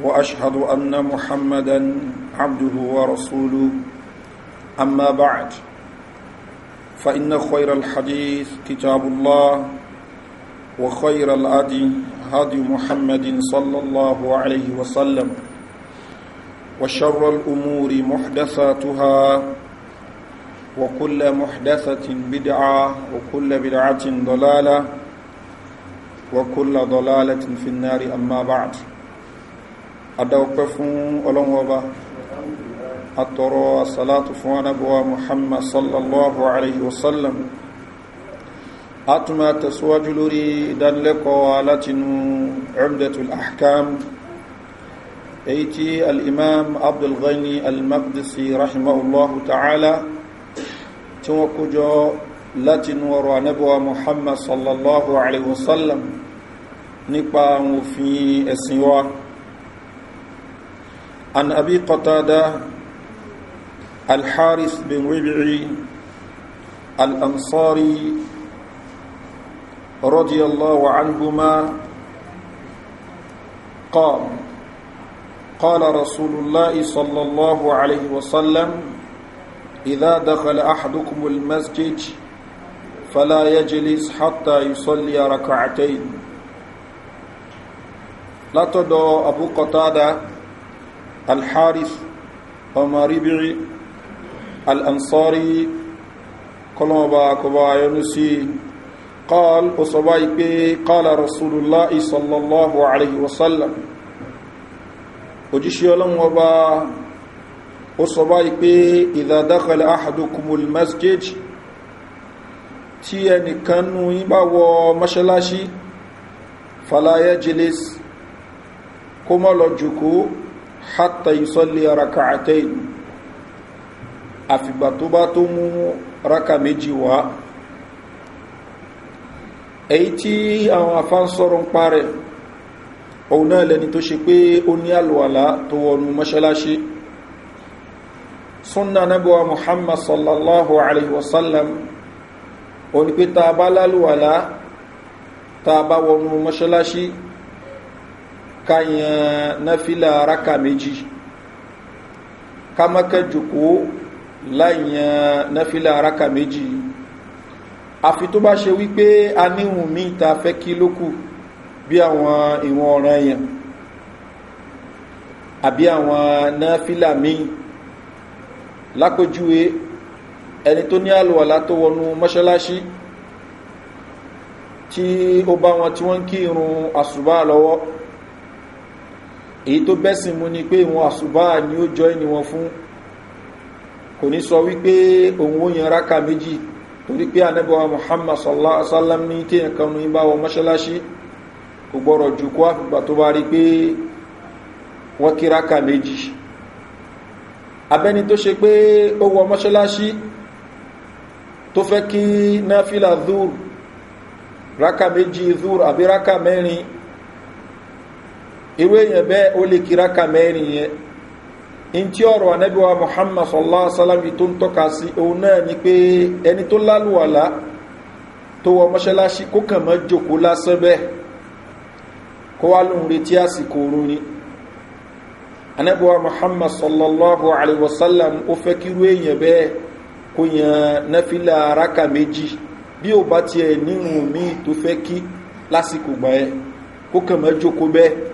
واشهد ان محمدا عبده ورسوله اما بعد فان خير الحديث كتاب الله وخير الادي هدي محمد صلى الله عليه وسلم وشر الامور محدثاتها وكل محدثه بدعه وكل بدعه ضلاله وكل ضلاله في النار اما بعد adáwọ̀pẹ́ fún ọlọ́run ọba atọ̀rọ̀ asalatu fún anábọ̀wá muhammad sallallahu alayhi wasallam a tún máa tẹ̀síwájú lórí ìdánilẹ́kọ̀ọ́ látinú umdatul ahkam èyí tí al'imam abdulghani al-maqdisi rahimahullahu ta'ala tí wọ́n kójọ látinú ọ̀rọ̀ anábọ̀wá muhammad sallallahu alayhi wasallam nípa òfin ẹ̀sìn wa. عن أبي قتادة الحارث بن ربعي الأنصاري رضي الله عنهما قال قال رسول الله صلى الله عليه وسلم إذا دخل أحدكم المسجد فلا يجلس حتى يصلي ركعتين لا تدعو أبو قتادة alharif ọmọ ríbìrì al'ansọ́rí kọlọ́ọ̀bá kọba yọnu قال وصباي بي قال رسول الله صلى الله عليه وسلم وجيشي لهم وبا وصباي بي إذا دخل أحدكم المسجد تيني كانوا يبا ومشلاشي فلا يجلس كما لجكو hátà ìsọ́lé rakàtẹ́ àfìgbà tó bá tó mú raka méjì wá èyí tí àwọn afán sọ́rọ̀ ń parẹ̀ òun náà lẹni tó ṣe pé ó ní àlùwàlá tó wọnú mọ́ṣálásí súnnà nábíwá muhammad sallallahu alaihi wasallam òní pé ta bá lálùwàlá ta bá wọnú mọ́ṣálásí ká nafila raka méjì ká má kẹ́ jòkó láì raka méjì àfi tó bá ṣe wípé a níhùn míì ta fẹ́ kí lókù bí àwọn ìwọ̀n ọ̀ràn yẹn àbí àwọn náfìlà míì lápójúwe ẹni tó ní àlùwàlá tó wọnú mọ́ṣáláṣí tí ó bá wọn tí wọ́n kí irun àṣùbá lọ́wọ́ èyí tó bẹ́sìn mú ni pé wọn àṣùbá ni ó jọ ẹni wọn fún kò ní sọ wípé òun ó yan ráka méjì torí pé anábọ̀wá muhammad sallallahu alaihi wasallam ní téèyàn kan ní bá wọn mọ́ṣáláṣí kò gbọ́rọ̀ jù kó àfìgbà tó bá rí pé wọ́n kí ráka méjì abẹ́ni tó ṣe pé ó wọ mọ́ṣáláṣí tó fẹ́ kí náfìlà zúr ráka méjì zúr àbí ráka mẹ́rin irú èèyàn bẹ́ẹ̀ ó lè kíráka mẹ́rin yẹn in tí ọ̀rọ̀ anẹ́bíwá muhammad sallallahu alaihi wasallam tó ń tọ́ka sí òun náà ni pé ẹni tó lálùwàlá tó wọ mọ́ṣáláṣí kó kàn mọ́ jòkó lásán bẹ́ẹ̀ kó wá lóun retí àsìkò oorun ni anẹ́bíwá muhammad sallallahu alaihi wasallam ó fẹ́ kírú èèyàn bẹ́ẹ̀ kó yan náfìlà araka méjì bí ó bá tiẹ̀ nírun míì tó fẹ́ kí lásìkò gbà ẹ kó kàn mọ́ jòkó bẹ́ẹ̀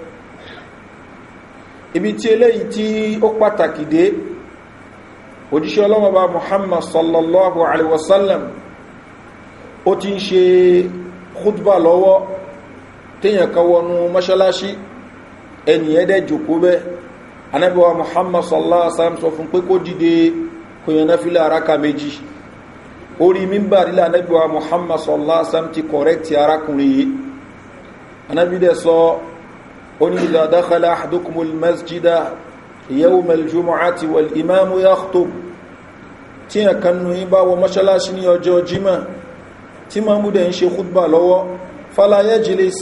ibi tí eléyìí tí ó pàtàkì dé òjíṣẹ́ ọlọ́mọba muhammad sallallahu alaihi wasallam ó ti ń ṣe khutba lọ́wọ́ tíyàn kan wọnú mọ́ṣálásí ẹni ẹ̀dẹ́ jòkó bẹ́ anábíwa muhammad sallallahu alaihi wasallam sọ fún pé kó dìde kòyànná fílẹ̀ araka méjì orí mímbà nílẹ̀ anábíwa muhammad sallallahu alaihi wasallam ti kọ̀rẹ́kì arákùnrin yìí anábídẹ̀ sọ so, قل إذا دخل أحدكم المسجد يوم الجمعة والإمام يخطب تيا كانوا يبا ومشلاش ني ọjọ́ jima tí ma mú dẹ̀ ń ṣe khutba lọ́wọ́ fala yajlis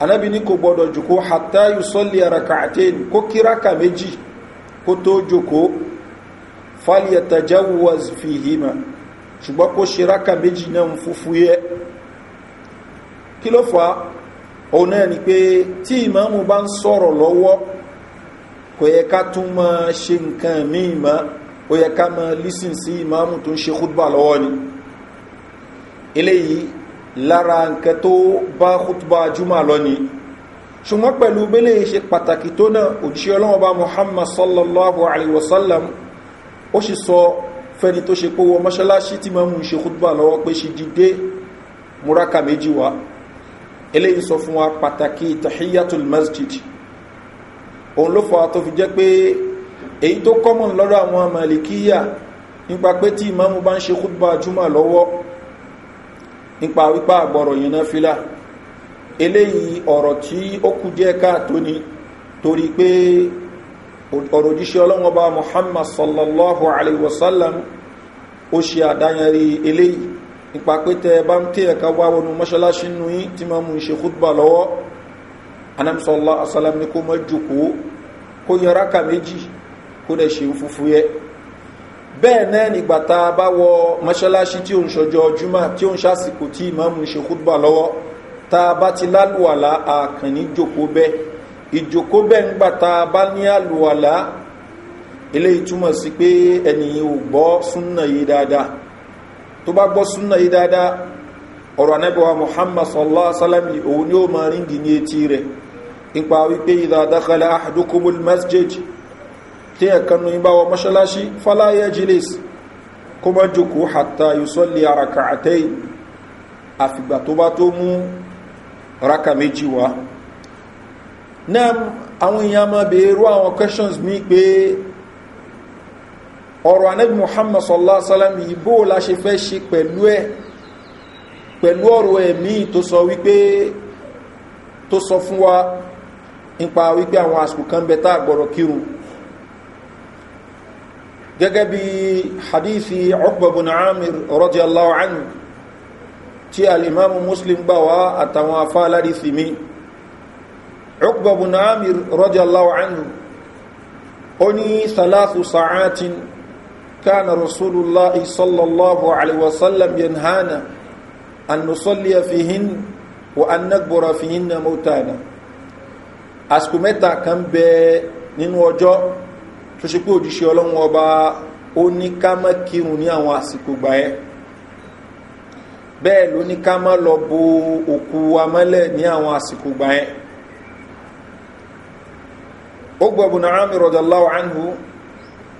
anábi ní kò gbọdọ̀ jùkó hatta yusalli rak'atayn kó kíraka méjì kó tó jùkó falyatajawwaz fihima ṣùgbọ́n kó ṣe raka méjì náà fúfú yẹ kí ló fàá òun náà ni pé tí ìmáàmù bá ń sọ̀rọ̀ lọ́wọ́ kò yẹ ká tún máa ṣe nǹkan míì mọ́ ó yẹ ká máa lísìn sí ìmáàmù tó ń ṣe khutba lọ́wọ́ ni eléyìí lára nǹkan tó bá khutba jùmọ̀ lọ ni ṣùgbọ́n pẹ̀lú bẹ́lẹ̀ ṣe pàtàkì tó náà òjíṣẹ́ ọlọ́wọ́ muhammad sallallahu alaihi wasallam ó sì sọ fẹ́ni tó ṣe pówọ mọ́ṣáláṣí tí mọ́mù ṣe khutba lọ́wọ́ pé ṣe dìde múraka méjì wa eléyìí sọ fún wa pàtàkì tahiyatul masjid òun ló fọ́ tó fi jẹ́ pé èyí tó kọ́mọ̀ lọ́dọ̀ àwọn malikiya nípa pé tí ìmáàmù bá ń ṣe kútbà júmà lọ́wọ́ nípa wípá àgbọ̀rọ̀ yìí náà fílà eléyìí ọ̀rọ̀ tí ó kú jẹ́ káàtó ni torí pé ọ̀rọ̀ òjíṣẹ́ ọlọ́wọ́ bá muhammad sallallahu alaihi wasallam ó ṣe àdáyẹrí eléyìí nípa pé tẹ bá ń tẹ ẹ̀ka wá wọnú mọ́ṣáláṣí nù yín tí máa mú ìṣe kútbà lọ́wọ́ anamsọ́lá asálàm ní kó mọ́ jòkóó kó yan ráka méjì kó dẹ̀ ṣe fúfú yẹ bẹ́ẹ̀ náà nígbà tá a bá wọ mọ́ṣáláṣí tí ó ń ṣọjọ́ jùmọ̀ tí ó ń ṣàsìkò tí ìmáàmù ń ṣe kútbà lọ́wọ́ tá a bá ti lálùwàlá àkànní jòkó bẹ́ẹ̀ ìjòkó bẹ́ẹ̀ nígbà tá a bá ní àlùwàlá eléyìí túmọ̀ sí pé ẹnìyàn ò gbọ́ súnnà yìí dáadáa tó bá gbọ́ súnà yìí dáadáa ọ̀rọ̀ anẹ́bọ̀wà muhammad sallallahu alaihi wasallam òun ni ó máa rí dì ní etí rẹ̀ nípa wípé ìdàdákalẹ̀ àdókòmul masjid tí ẹ̀kanu ìbá wọ mọ́ṣálásí fáláyé jilis kó mọ́ jùkú hàtà yùsọ́lì àràkà àtẹ́yì àfìgbà tó bá tó mú raka méjì wá náà àwọn èèyàn máa bèèrè àwọn questions mi pé ọ̀rọ̀ anabi muhammad sallallahu alaihi wasallam yìí bó la ṣe fẹ́ ṣe pẹ̀lú ẹ̀ pẹ̀lú ọ̀rọ̀ ẹ̀mí tó sọ wípé tó sọ fún wa nípa wípé àwọn àsìkò kan bẹ tá àgbọ̀rọ̀ kírun gẹ́gẹ́ bí hadithi ọgbọ̀gbọ̀n amir rọ́jẹ́ aláwọ̀ ánù tí alìmọ́mù muslim gbà wá àtàwọn afá aládìsí mi ọgbọ̀gbọ̀n amir rọ́jẹ́ aláwọ̀ ó ní sàlátù sàátín كان رسول الله صلى الله عليه وسلم ينهانا أن نصلي فيهن وأن نكبر فيهن موتانا àsìkò mẹ́ta kan bẹ nínú ọjọ́ tó ṣe pé òjíṣẹ́ ọlọ́run ọba ó ní ká má kírun ní àwọn àsìkò gbà ẹ́ bẹ́ẹ̀ ló ní ká má lọ bo òkú wa mọ́lẹ̀ ní àwọn àsìkò gbà ẹ́ ó gbọ́bùnà ámì rọ̀dọ̀láwà ánìhù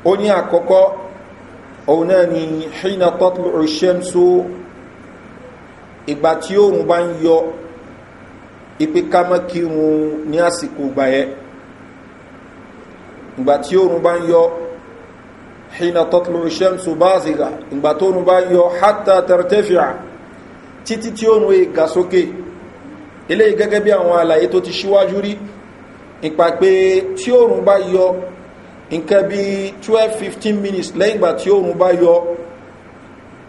ó ní àkọ́kọ́ òun hina ni ṣína igba ṣẹ́mṣó ìgbà tí yọ ipe ká mọ́ kírun ní àsìkò ìgbà yẹn ìgbà tí òun bá yọ ṣína tọ́tù ṣẹ́mṣó bá zìgà ìgbà tó òun bá yọ hátà ga soke ile bi awon alaye to ti pe yọ nǹkan bí twelve fifteen minutes lẹ́yìn ìgbà tí oòrùn bá yọ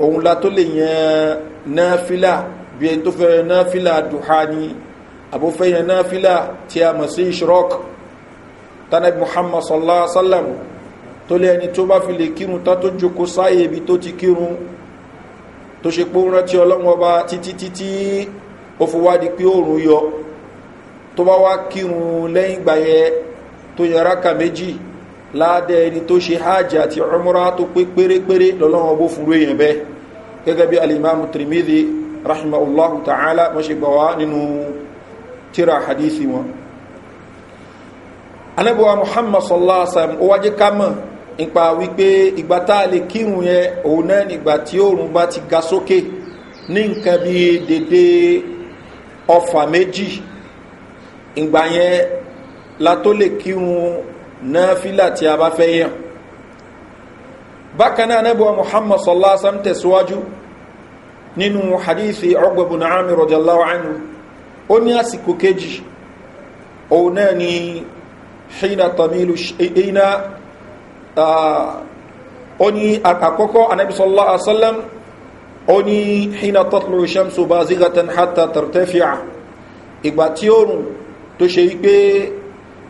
òun la tó lè yan náà fila bí ẹni tó fẹ́ náà fílà dùhà ni àbúfẹ́ yan náà fílà tí a mọ̀ sí ìṣirọ́k tanabi muhammad sallallahu alaihi wa sallam tó lé ẹni tó bá fi lè kírun tán tó jókòó sáyè ibi tó ti kírun tó ṣe pé ó rántí ọlọ́wọ́n ọba títí títí ó fi wá di pé oòrùn yọ tó bá wá kírun lẹ́yìn ìgbà yẹn tó yan ráka méjì láàdẹ ẹni tó ṣe hajj àti ọmọrá tó pé pérépéré lọ́lọ́wọ́ bó fúru èèyàn bẹ́ẹ̀ gẹ́gẹ́ bí alimami tirimidi rahimahullahu ta'ala wọ́n ṣe gbà wá nínú tíra hadithi wọn anábíwá muhammad sallallahu alaihi wasallam ó wájú ká mọ̀ nípa wípé ìgbà tá a lè kírun yẹn òun náà nígbà tí náfílà tí a bá fẹ́ yàn bákan náà nẹ́bọ̀ muhammad sallallahu alaihi wasallam tẹ̀síwájú nínú hadithi ọgbẹ̀bùn àmì rọ̀jọ̀láwà ánú ó ní àsìkò kejì òun náà ni ṣína tamilu ṣína eh, ah, ó ní àkọ́kọ́ anábi sallallahu alaihi wasallam ó ní ṣína tọ́tlu ṣamsu bá zigatan hatta tartafiya ìgbà tí ó rùn tó ṣe wípé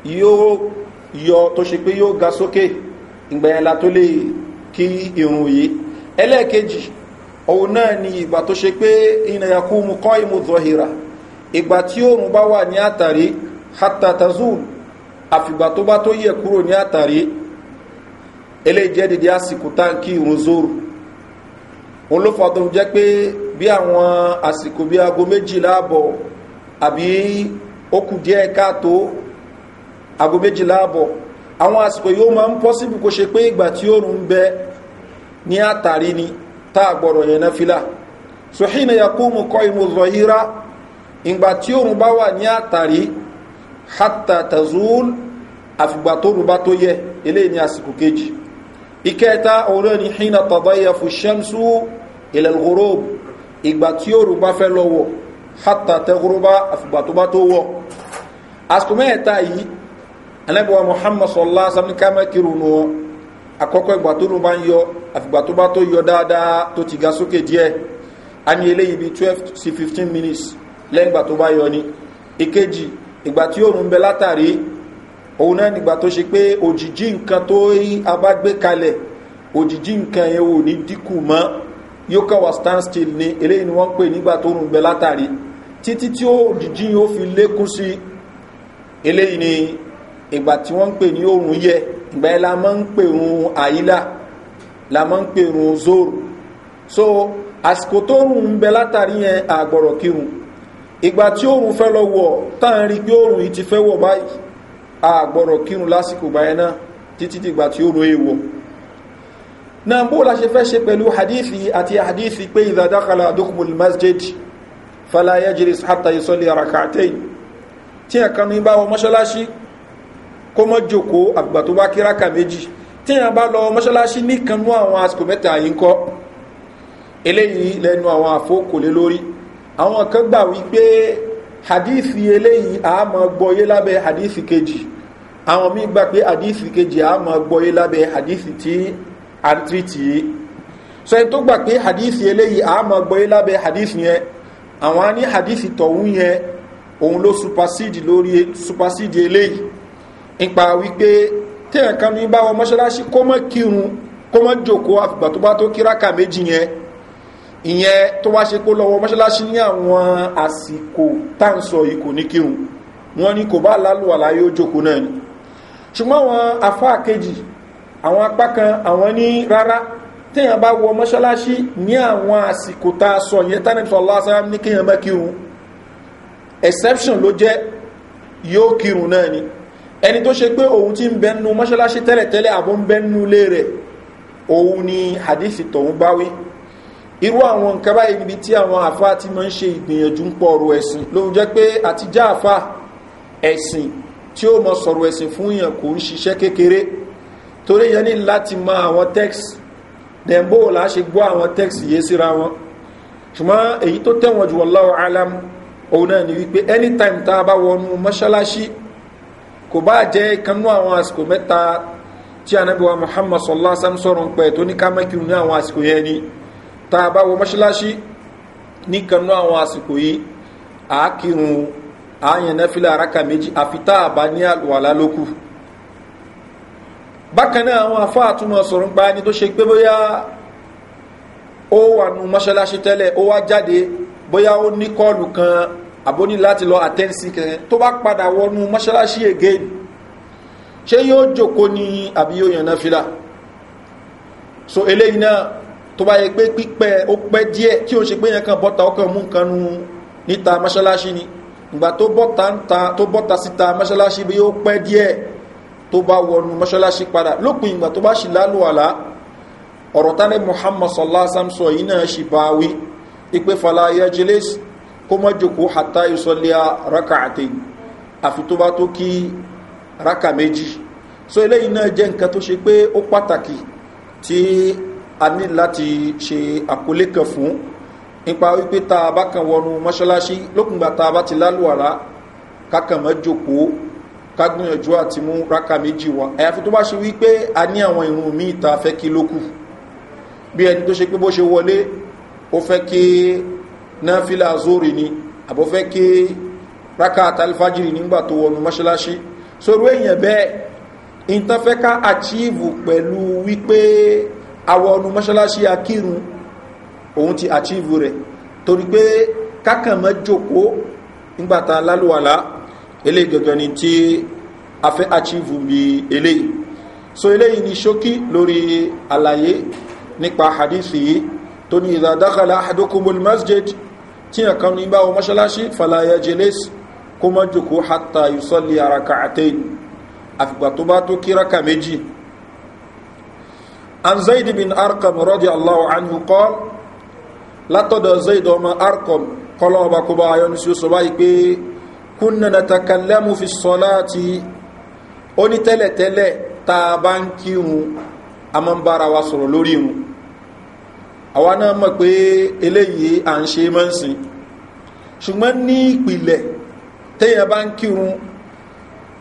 yóò yọ tó ṣe pé yóò ga sókè ìgbàyànlá tó lè kí irun yìí ẹlẹ́ẹ̀kejì òun náà ni ìgbà tó ṣe pé ìnàyàkú mu kọ́ ìmú zọ̀hìrà ìgbà tí òun bá wà ní àtàrí hatatazul àfìgbà tó bá tó yẹ kúrò ní àtàrí eléyìí dìde àsìkò táǹkì irun zoro òun ló fà jẹ́ pé bí àwọn àsìkò bí aago méjìlá aago méjìlá àbọ̀ àwọn àsìkò yóò máa ń pọ́síbù kó ṣe pé ìgbà tí oòrùn ń bẹ ní àtàrí ni tá a gbọ́dọ̀ yẹn náà fìlà sòhínà yakumu kọ́ ìmú zọ̀híra ìgbà tí oòrùn bá wà ní àtàrí hatta tazul àfìgbà tóòrùn bá tó yẹ eléyìí ní àsìkò kejì ìkẹta ọ̀rẹ́ ni hínà tàbáyà fún ṣẹ́mṣú ìlẹ̀lgòròbù ìgbà tí oòrùn bá fẹ́ lọ́wọ́ hatta tẹ́gòròbá àfìgbà tó bá tó wọ̀ àsìkò mẹ́ẹ̀ta yìí anabiwa muhammad sọlá sami kama kiri nu ọ akọkọ ìgbà tó nu bá ń yọ àfìgbà tó bá tó yọ dáadáa tó ti ga sókè díẹ a ní eléyìí bí twelve sí fifteen minutes lẹ́yìn ìgbà tó bá yọ ni ìkejì ìgbà tí òòrùn bẹ látàrí òun náà nígbà tó ṣe pé òjìjí nǹkan tó rí abágbé kalẹ̀ òjìjí nǹkan yẹn ò ní dínkù mọ́ yóò kàn wá stand still ni eléyìí ni wọ́n ń pè nígbà tó rùn bẹ látàrí títí tí òjìjí yóò fi lékún sí eléyìí ni ìgbà tí wọ́n ń pè ní oòrùn yẹ ìgbà yẹn la máa ń pè run àyílà la máa ń pè run zoro so àsìkò tó rùn ń bẹ látàrí yẹn àgbọ̀rọ̀ kírun ìgbà tí oòrùn fẹ́ lọ wọ̀ táà ń rí pé oòrùn yìí ti fẹ́ wọ̀ báyìí àgbọ̀rọ̀ kírun lásìkò ìgbà yẹn náà títí dìgbà tí oòrùn èèwọ̀ náà bó la ṣe fẹ́ ṣe pẹ̀lú hadithi àti hadithi pé ìdàdákàlà àdókùnmùl masjid falayajiris hatta isoli arakatain tí ẹ̀kanu bá wọ mọ́ṣáláṣí kó mọ́ jòkó àgbà tó bá kíráka méjì tíyàn bá lọ mọ́ṣáláṣí níkanú àwọn àsìkò mẹ́ta yìí ń kọ́ eléyìí lẹ́nu àwọn àfókòlé lórí àwọn kan gbà wípé hadithi eléyìí àmọ́ gbọ́yé lábẹ́ hadithi kejì àwọn míì gbà pé hadithi kejì àmọ́ gbọ́yé lábẹ́ hadithi tí a ń tìrìtì yìí tó gbà pé hadithi eléyìí àmọ́ gbọ́yé lábẹ́ hadithi yẹn àwọn á ní hadithi tọ̀hún yẹn òun ló supersede lórí supersede eléyìí nípa wípé téèyàn kan ní bá wọ mọ́ṣáláṣí kó mọ́ kírun kó mọ́ jòkó àfìgbà tó bá tó kíráka méjì yẹn ìyẹn tó wá ṣe pé lọ́wọ́ mọ́ṣáláṣí ní àwọn àsìkò táǹsọ yìí kò ní kírun wọn ni kò bá lálùwàlá yóò jòkó náà ni ṣùgbọ́n àwọn afá kejì àwọn apá kan àwọn ní rárá téèyàn bá wọ mọ́ṣáláṣí ní àwọn àsìkò tá a sọ yẹn tánàbísọ̀ lásán ní kéèyàn mọ́ kírun exception ló jẹ́ ẹni tó ṣe pé òun ti ń bẹnu mọ́ṣáláṣí tẹ́lẹ̀tẹ́lẹ̀ àbó ń bẹnu lé rẹ̀ òun ni hadithi tòun báwí irú àwọn nǹkan báyìí níbi tí àwọn àfa ti máa ń ṣe ìgbìyànjú ń pọ̀ ẹ̀sìn ló jẹ́ pé àtijọ́ àfa ẹ̀sìn tí ó mọ sọ̀rọ̀ ẹ̀sìn fún yàn kò ń ṣiṣẹ́ kékeré torí yẹn ní láti mọ àwọn text dẹ̀mbó là á ṣe gbọ́ àwọn text yé síra wọn ṣùgbọ́n èyí tó tẹ̀wọ̀n jù wọ́n láwọ̀ alam òun náà ni wípé anytime tá a bá wọnú mọ́ṣáláṣí kò bá jẹ́ kanú àwọn àsìkò mẹ́ta tí anábíwá muhammad sallallahu alaihi wasallam sọ̀rọ̀ ń pẹ́ tó ní ká mẹ́kìrún ní àwọn àsìkò yẹn ni tá a bá wọ mọ́ṣáláṣí ní kanú àwọn àsìkò yìí àákìrún àáyàn náfìlà araka méjì àfitá àbá ní àlùwàlá lókù bákan náà àwọn afá àtúmọ̀ sọ̀rọ̀ ń pa ẹni tó ṣe pé bóyá ó wà nù mọ́ṣáláṣí tẹ́lẹ̀ ó wá jáde bóyá ó ní kọ́ọ̀lù kan àbó ní láti lọ àtẹ́ǹsì kẹ̀kẹ́ eh, tó bá padà wọnú mọ́ṣáláṣí again ṣé yóò jòkó ní àbí yóò yànnà fìlà so eléyìí náà tó bá yẹ pé pípẹ́ ó pẹ́ díẹ̀ tí ó ṣe pé yẹn kan bọ́ta ọkàn mú nǹkan nu níta mọ́ṣáláṣí ni ìgbà tó bọ́ta níta tó bọ́ta síta mọ́ṣáláṣí bí yóò pẹ́ díẹ̀ tó bá wọnú mọ́ṣáláṣí padà lópin ìgbà tó bá ṣì lálùwàlá ọ̀rọ̀ tánẹ́ muhammad sallallahu alaihi wasallam sọ yìí náà ṣì bá wí ipe fàlàyé jẹlẹ́sì kó joko jòkó hàtà ìsọlẹ̀ raka àti àfi tó bá tó raka méjì so eléyìí náà jẹ́ nǹkan tó ṣe pé ó pàtàkì tí a ní láti ṣe àkólé kan fún nípa wípé tá a bá kan wọnú mọ́ṣáláṣí lókùngbà tá a bá ti lálùwàrá kákan mọ́ jòkó kágbìyànjú àti mú raka méjì wa, àyàfi tó bá ṣe wípé a ní àwọn ìrùn míì ta fẹ́ kí lókù bí ẹni tó ṣe pé bó ṣe wọlé ó fẹ́ kí náfílà zóòrè ni àbọ̀fẹ́ ké rákà àtàlífàjìrì nígbà tó wọnú mọ́ṣáláṣí sórú èèyàn bẹ́ẹ̀ ìtafẹ́ká àchíìvù pẹ̀lú wípé awọnú mọ́ṣáláṣí akírun òun ti àchíìvù rẹ̀ torí pé kákànmọ́ jòkó nígbàtà lálùwàlá eléyìí gẹ̀gẹ̀ ni tí a fẹ́ àchíìvù bí eléyìí so eléyìí ni ṣókí lórí àlàyé nípa hadith yìí tó ní masjid tí a kan ní bá wọn mọ́ṣálásí falaya jeles kó mọ́ jòkó hata yusọ́lì araka àtẹ́yìn àfìgbà tó bá tó kí raka méjì an zaid bin arkam rọ́dí allahu anhu kọ́ látọ̀dọ̀ zaid ọmọ arkam kọ́lọ́ ọba kó bá ayọ́nu sí ó sọ báyìí pé kúnnà na takallẹ́mù fi sọ́lá ti ó tá a bá ń kírun a máa ń bára wa sọ̀rọ̀ lórí irun àwa náà mọ̀ pé eléyìí à ń ṣe mọ́ ń ṣùgbọ́n ní ìpìlẹ̀ téèyàn bá ń kírun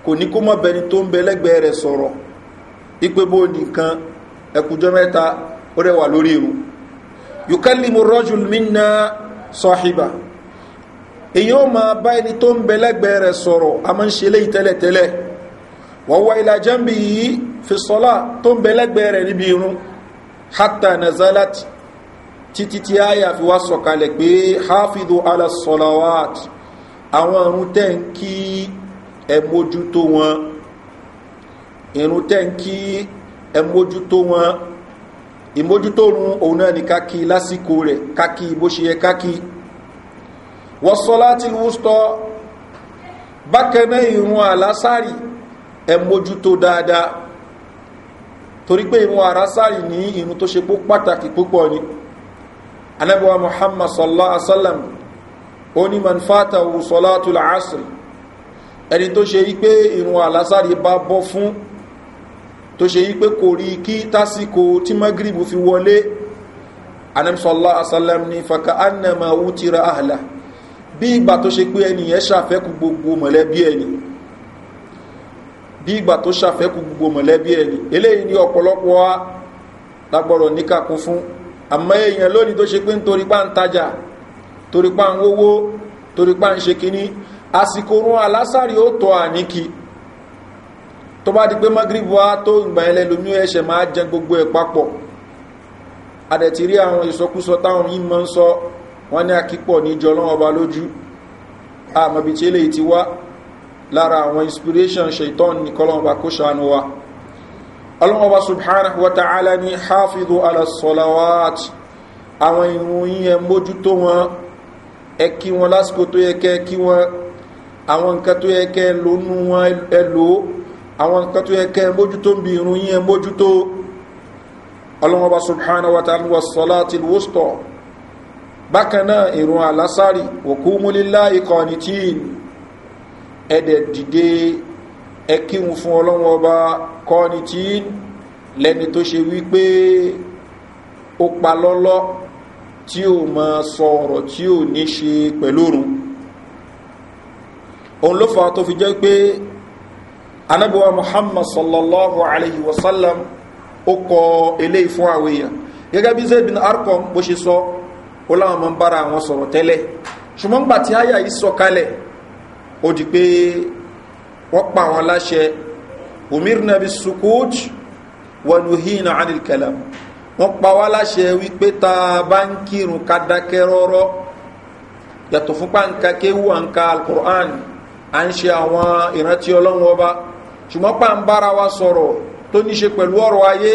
kò ní kó bẹni tó ń bẹ lẹ́gbẹ̀ẹ́ rẹ̀ sọ̀rọ̀ ipe bó nìkan mẹ́ta ó rẹwà minna sahiba èyí ó máa bá ẹni tó ń bẹ lẹ́gbẹ̀ẹ́ rẹ̀ sọ̀rọ̀ a máa ń ṣe léyìí tẹ́lẹ̀tẹ́lẹ̀ wọ́n wá ìlàjẹ́ fi sọ́lá tó títí tí àyà fi wá sọ̀kalẹ̀ pé hafidu ala salawat àwọn ọ̀run tẹ́ ń kí ẹ mójútó wọn ìrun tẹ́ ń kí ẹ mójútó wọn ìmójútórun òun náà ni káàkì lásìkò rẹ̀ káàkì bó ṣe yẹ káàkì wọ́n sọ láti wústọ́ bákẹ́mẹ́ ìrun àlásàrì dáadáa torí pé ìrun àlásàrì ní ìrun tó ṣe pó pàtàkì púpọ̀ ni. Pata, anabiwa muhammad sallallahu alaihi wasallam ó ní man fatahu salatul asr ẹni tó ṣe yí pé irun àlásàrí bá bọ́ fún tó ṣe yí pé kò rí kí tásìkò tí magribu fi wọlé anabi sallallahu alaihi wasallam ní faka annama wutira ahla bí ìgbà tó ṣe pé ẹni yẹn ṣàfẹ́kù gbogbo mọ̀lẹ́bí ẹni bí ìgbà tó ṣàfẹ́kù gbogbo mọ̀lẹ́bí ẹni eléyìí ni ọ̀pọ̀lọpọ̀ wa lágbọ́rọ̀ níkàkún fún àmọ́ èèyàn lónìí tó ṣe pé ń torípá ń tajà torípá ń wówó torípá ń ṣe kíní àsìkò rún alásàrí ó tọ́ àníkì tó bá di pé magrib wá tó ìgbà ilẹ̀ lómi ẹ̀ṣẹ̀ máa jẹ gbogbo ẹ̀ papọ̀ adẹ̀tì rí àwọn ìsọkúsọ táwọn yìí mọ́ ń sọ wọ́n ní àkípọ̀ ní ọba lójú àmọ̀bí tí eléyìí ti wá lára àwọn inspiration ṣe ìtọ́n ní kọ́lọ́n kó ṣàánú wa ọlọ́mọba subhanahu wa ta'ala ni hafidu ala salawat àwọn ìrun yìí ẹ mójútó wọn ẹ kí wọn lásìkò tó yẹ kẹ kí wọn àwọn nǹkan tó yẹ kẹ lónú wọn ẹ lò ó àwọn nǹkan tó bi ìrun yìí ẹ mójútó subhanahu wa ta'ala wa salati alwusta bákan náà ìrun wa qumu qanitin ẹ̀dẹ̀ dìde ẹ kíhun fún ọlọ́wọ́n ọba kọ́ni tí lẹ́ni tó ṣe wípé ó pa lọ́lọ́ tí ó mọ sọ tí ó ní ṣe pẹ̀lú òun ló fa tó fi jẹ́ pé anábíwá muhammad sallallahu alaihi wasallam sallam ó kọ eléyìí fún àwọn èèyàn gẹ́gẹ́ bí zebin arkom bó ṣe sọ ó láwọn mọ́ ń bára àwọn sọ̀rọ̀ tẹ́lẹ̀ ṣùgbọ́n gbà tí àyà yìí sọ kalẹ̀ ó di pé wọ́n pa àwọn láṣẹ umirna bi sukut wanuhina anil kalam wọ́n pa wá láṣẹ wípé tá a bá ń kírun ká dákẹ́ rọ́rọ́ yàtọ̀ fún pàǹkà kéwù àǹkà alukur'an à ń ṣe àwọn ìrántí ọlọ́run ọba ṣùgbọ́n pàǹbára wa sọ̀rọ̀ tó ní ṣe pẹ̀lú ọ̀rọ̀ ayé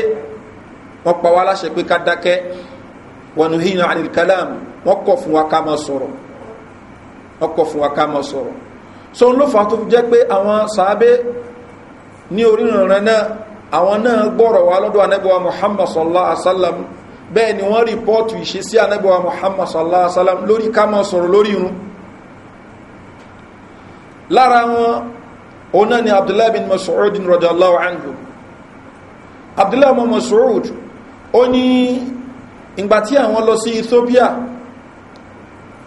wọ́n pa wá láṣẹ pé ká dákẹ́ wanuhina wọ́n kọ̀ fún wa ká máa sọ̀rọ̀ wọ́n kọ̀ fún wa ká máa sọ̀rọ̀ so ló fà tó jẹ́ pé àwọn sàábé ní oríranran náà àwọn náà gbọ́rọ̀ wá lọ́dọ̀ anẹ́bọ̀wà muhammad sallallahu alaihi wasallam bẹ́ẹ̀ ni wọ́n rìpọ́ọ̀tù ìṣe sí anẹ́bọ̀wà muhammad sallallahu alaihi wasallam lórí ká máa sọ̀rọ̀ lórí irun lára wọn òun náà ni abdullahi bin masoud radiyallahu anhu abdullahi bin masoud ó ní ìgbà tí àwọn lọ sí ethiopia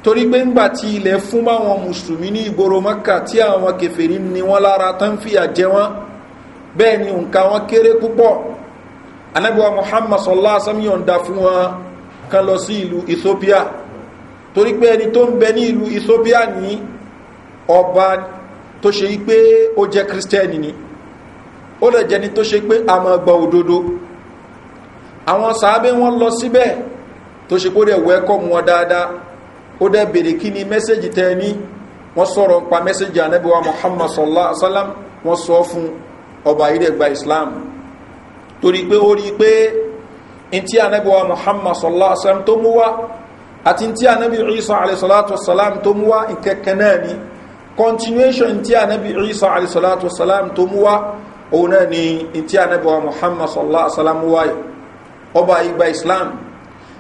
torí pé ńgbà tí ilẹ̀ fún báwọn mùsùlùmí ní ìgboro mọ́kà tí àwọn kẹfẹ́rí ni wọ́n lára tán fìyà jẹ wọ́n bẹ́ẹ̀ ni nǹkan wọn kéré púpọ̀ anábíwá muhammad sallá asámiyọ̀nda fún wọn kan lọ sí ìlú ethiopia torí pé ẹni tó ń bẹ ní ìlú ethiopia ní ọba tó ṣe pé ó jẹ́ kírísítẹ́nì ni ó lè jẹni tó ṣe pé àmọ́ gbọ́ òdodo àwọn sàábé wọn lọ síbẹ̀ tó ṣe kó dẹ̀ wẹ́kọ̀ mu wọn dáadáa ó dẹ́ bèrè kí ni mẹ́sẹ̀jì tẹ́ ní wọ́n sọ̀rọ̀ pa mẹ́sẹ̀jì anábíwá muhammad sallallahu alaihi wasallam wọ́n sọ fún ọba ilẹ̀ gba islam torí pé ó rí i pé n tí anábíwá muhammad sallallahu alaihi wasallam tó mú wá àti n tí anábí isa alaihissalatu wasalam tó mú wá nkẹkẹ náà ni continuation n tí anábí isa alaihissalatu wasalam tó mú wá òun náà ni n tí anábíwá muhammad sallallahu alaihi wasallam wáyé ọba ìgbà islam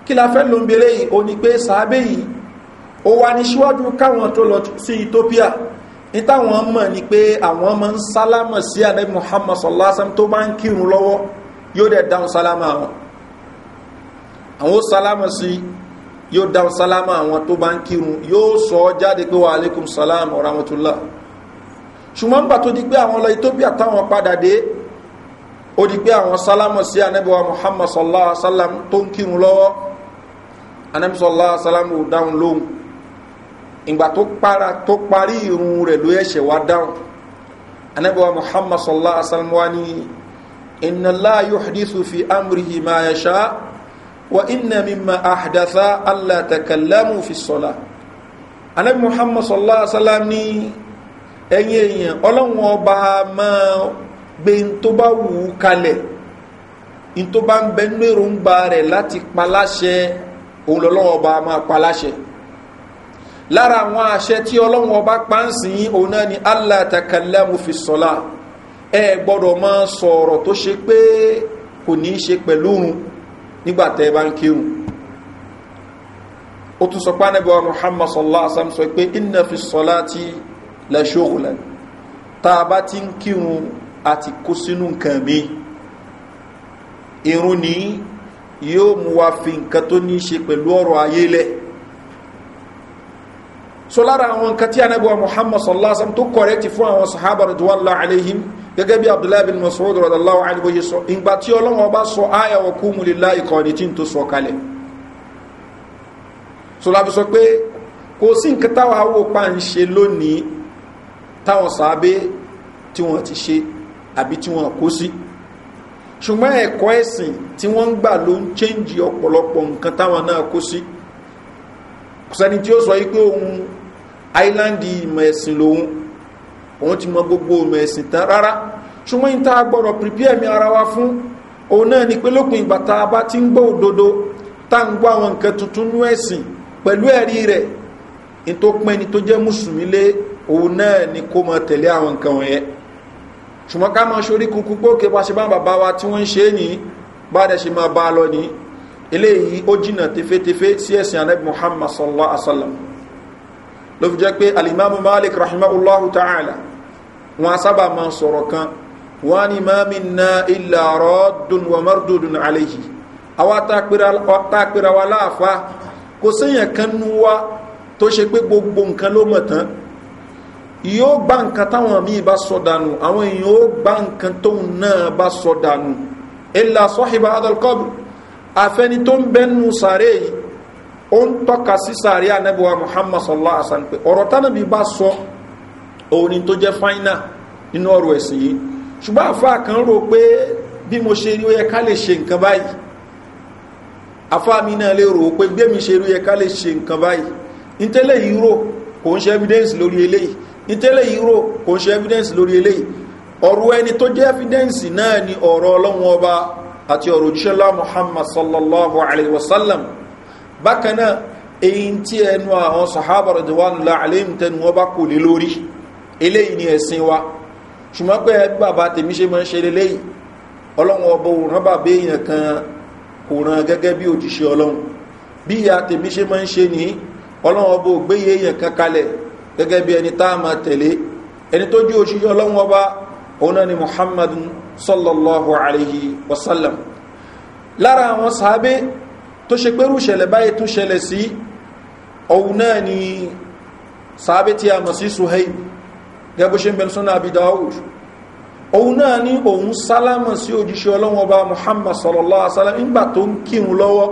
kí la fẹ́ ló bèrè yìí ó ní pé sàábẹ́ yìí ó wá ní síwájú káwọn tó lọ sí ethiopia ní táwọn mọ̀ ni pé àwọn máa ń sálámà sí anabi muhammad sallallahu alaihi wasallam tó máa ń kírun lọ́wọ́ yóò dẹ̀ dáhùn sálámà wọn àwọn ó sálámà sí yóò dáhùn sálámà àwọn tó bá ń kírun yóò sọ ọ́ jáde pé wa alaikum salam wa rahmatullah ṣùgbọ́n gbà tó di pé àwọn lọ ethiopia táwọn padà dé ó di pé àwọn sálámọ̀ sí anábíwá muhammad sallallahu alaihi wasallam tó ń kírun lọ́wọ́ anábíwá sallallahu alaihi ò dáhùn lóhùn ìgbà tó para tó parí irun rẹ̀ ló ẹ̀ṣẹ̀ wá dáhùn anábíwá muhammad sallallahu alaihi wasallam wa ni inna la yuhdithu fi amrihi ma yasha wa inna mimma ahdatha alla takallamu fi salah anábí muhammad sallallahu alaihi wasallam ni ẹ̀yin èèyàn ọlọ́run ọba máa gbé n tó bá wù ú kalẹ̀ n tó bá ń bẹ nínú èròǹgbà rẹ̀ láti paláṣẹ òun lọ́lọ́run ọba máa paláṣẹ lára àwọn àṣẹ tí ọlọ́run ọba pánsì yín òun náà ni allah takalamu fi sọlá ẹ gbọ́dọ̀ máa sọ̀rọ̀ tó ṣe pé kò ní í ṣe pẹ̀lú òun nígbà tẹ́ ẹ bá ń kírun ó tún sọ pé anábẹ́ wa muhammad sallallahu alaihi wa so lára àwọn nǹkan tí anábíwa muhammad sallallahu alaihi wasallam tó kọ̀rẹ́tì fún àwọn sahaba rẹ̀dùwàlá alayhim gẹ́gẹ́ bí abdullahi bin masoud rọ̀dàláwà alìbòye sọ ìgbà tí ọlọ́wọ́ bá sọ ayàwó kúmùlélá ìkọ̀ọ̀nì tí ń tó sọ kalẹ̀ so lábi sọ pé kò sí nǹkan táwọn awó pa ń ṣe lónìí táwọn sàábé tí wọ́n ti ṣe àbí tí wọ́n kó sí ṣùgbọ́n ẹ̀kọ́ ẹ̀sìn tí wọ́n ń gbà ló ń chẹ́ǹjì ọ̀pọ̀lọpọ̀ nǹkan táwọn náà kó sí kò sẹ́ni tí ó sọ yí pé òun áìláńdì ìmọ̀ ẹ̀sìn lòun òun ti mọ gbogbo ìmọ̀ ẹ̀sìn tán rárá ṣùgbọ́n ìta gbọ́dọ̀ prepare mi ara wa fún òun náà ni pé lópin ìgbà tá a bá ti ń gbọ́ òdodo tá ń gbọ́ àwọn nǹkan tuntun nú ẹ̀sìn pẹ̀lú ẹ̀rí rẹ̀ ní tó pẹ́ ni tó jẹ́ mùsùlùmí lé òun náà ni kó mọ tẹ̀lé àwọn nǹkan wọ̀nyẹn ṣùgbọ́n ká máa ṣorí kúkú gbókè bá ṣe bá bàbá wa tí wọ́n ń ṣe é ní bá dẹ̀ ṣe máa bá a lọ ní eléyìí ó jìnà tefetefe sí ẹ̀sìn anabi muhammad sallallahu alaihi wa sallam ló fi jẹ́ pé alimamu malik rahimahullahu ta'ala wọn sábà ma sọ̀rọ̀ kan wọ́n ni ma mi na ilà rọ́dùn wa mardudun alayhi àwa tápẹ́ra wa láàfá kò séyàn kan nú wa tó ṣe pé gbogbo nǹkan ló mọ̀ tán yóò gbá nǹkan táwọn míì bá sọ dànù àwọn èèyàn ó gbá nǹkan tóun náà bá sọ dànù ilà sọ́hìbá adalkọ́bù àfẹni tó ń bẹ́nu sàárè yìí ó ń tọ́ka sí anábíwá muhammad sallallahu alaihi wasallam pé ọ̀rọ̀ tánàbí bá sọ òun ni tó jẹ́ fáínà nínú ọ̀rọ̀ ẹ̀sìn yìí ṣùgbọ́n àfáà kan rò pé bí mo ṣe rí ó yẹ ká lè ṣe nǹkan báyìí àfáà mi náà lè rò pé bí mi ṣe rí ó yẹ ká lè ṣe nǹkan báyìí nítẹ́lẹ̀ yìí rò kò ń ṣe evidence lórí eléyìí nítẹ́lẹ̀ yìí rò kò ń ṣe evidence lórí eléyìí ọ̀rọ̀ ẹni tó jẹ́ evidence náà ni ọ̀rọ̀ ọlọ́run ọba àti ọ̀rọ̀ òjíṣẹ́lá muhammad sallallahu alaihi wasallam bákanáà èyí tí ẹnu àwọn sàhábàrà jẹ́wọ́n láàrín tẹnu wọ́n bá kò lè lórí eléyìí ni ẹ̀sìn wa ṣùgbọ́n pé bàbá tèmi ṣe mọ́ ṣe lélẹ́yìí ọlọ́run ọbọ̀ òran bàbá èèyàn kan kò ràn gẹ́gẹ́ bí òjìṣẹ́ ọlọ́run bí ìyá tèmi ṣe mọ́ ṣe ní ọlọ́run ọbọ̀ ògbéyè èèyàn kan kalẹ̀ gẹ́gẹ́ bí ẹni tá tẹ̀lé ẹni tó jí òṣìṣẹ́ ọlọ́run ọba òun náà ni muhammadu sallallahu alayhi wa sallam lára àwọn sàábé tó ṣe pé rúṣẹ̀lẹ̀ báyìí tún ṣẹlẹ̀ sí ọ̀hun náà ni sàábé tí a mọ̀ sí suhaib gẹ́gbó ṣe ń bẹ̀rẹ̀ sọ́nà abidawood ọ̀hun náà ni òun sálámà sí òjíṣẹ́ ọlọ́wọ́ bá muhammad sallallahu alaihi wasallam nígbà tó ń kírun lọ́wọ́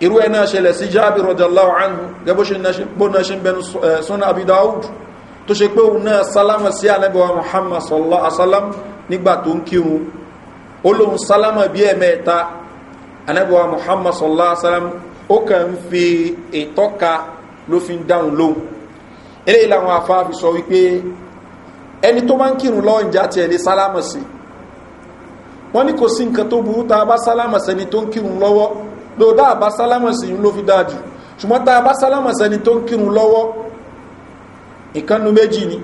irú ẹ̀ náà ṣẹlẹ̀ sí jábì rọ̀jàláwà ánú gẹ́bọ́nà ṣe ń bẹnu sọ́nà eh, abidáwùd tó ṣe pé òun náà sálámà sí anábíwá muhammad sallá asálám nígbà tó ń kírun ó lóun sálámà bí ẹ̀mẹ́ta anábíwá muhammad sallá asálám ó kàn ń fi ìtọ́ka ló fi ń dáhùn lóhun eléyìí làwọn afáàfi sọ wípé ẹni tó bá ń kírun lọ́ọ́ ìjà tiẹ̀ dòdá àbá sálámà sí yìí ló fi dájú ṣùgbọ́n tá a bá sálámà sẹni tó ń kírun lọ́wọ́ ìkànnù méjì ni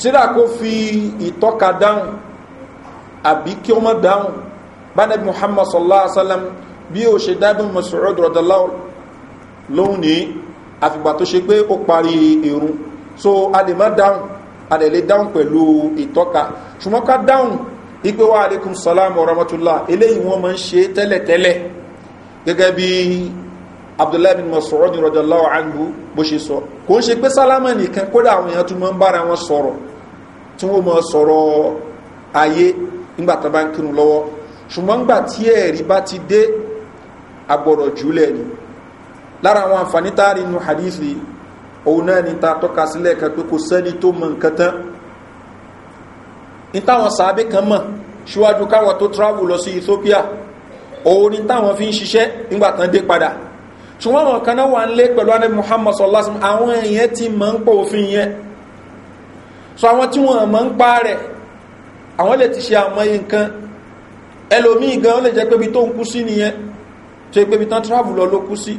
síra kó fi ìtọ́ka dáhùn àbí kí ó mọ́ dáhùn bánàbí muhammad sallallahu alaihi wasallam bí ó ṣe dábí masoud rọ̀dọ̀láwò lóhun ní àfìgbà tó ṣe pé ó parí irun so a lè má dáhùn a lè lè dáhùn pẹ̀lú ìtọ́ka ṣùgbọ́n ká dáhùn ipe wa alaikum salam wa rahmatullah eléyìí wọ́n máa ń ṣe tẹ́lẹ̀tẹ́lẹ̀ tẹ́lẹ̀ gẹ́gẹ́ bí abdullahi bin masoud rọjọláwọ anhu bó ṣe sọ kò ń ṣe pé sálámà nìkan kódà àwọn èèyàn tún máa ń bára wọn sọ̀rọ̀ tí wọ́n máa sọ̀rọ̀ ayé nígbà tó bá ń kírun lọ́wọ́ ṣùgbọ́n nígbà tí ẹ̀rí bá ti dé agbọ̀rọ̀ jùlẹ̀ ni lára àwọn àǹfààní tá a rí inú hadithi òun náà ni ta tọ́ka sílẹ̀ kan pé kò sẹ́ni tó mọ nǹkan tán ní táwọn sàábé kan mọ̀ síwájú káwọn tó travel lọ sí ethiopia òun ni táwọn fi ń ṣiṣẹ́ nígbàtán dé padà ṣùgbọ́n àwọn kan náà wà ń lé pẹ̀lú anabi muhammad sallallahu alaihi wasallam àwọn èèyàn ti máa ń pọ̀ òfin yẹn so àwọn tí wọ́n máa ń pa rẹ̀ àwọn lè ti ṣe àmọye nǹkan ẹlòmíì gan ó lè jẹ́ pébi tó ń kú sí nìyẹn tó yẹ pébi tán travel lọ ló kú sí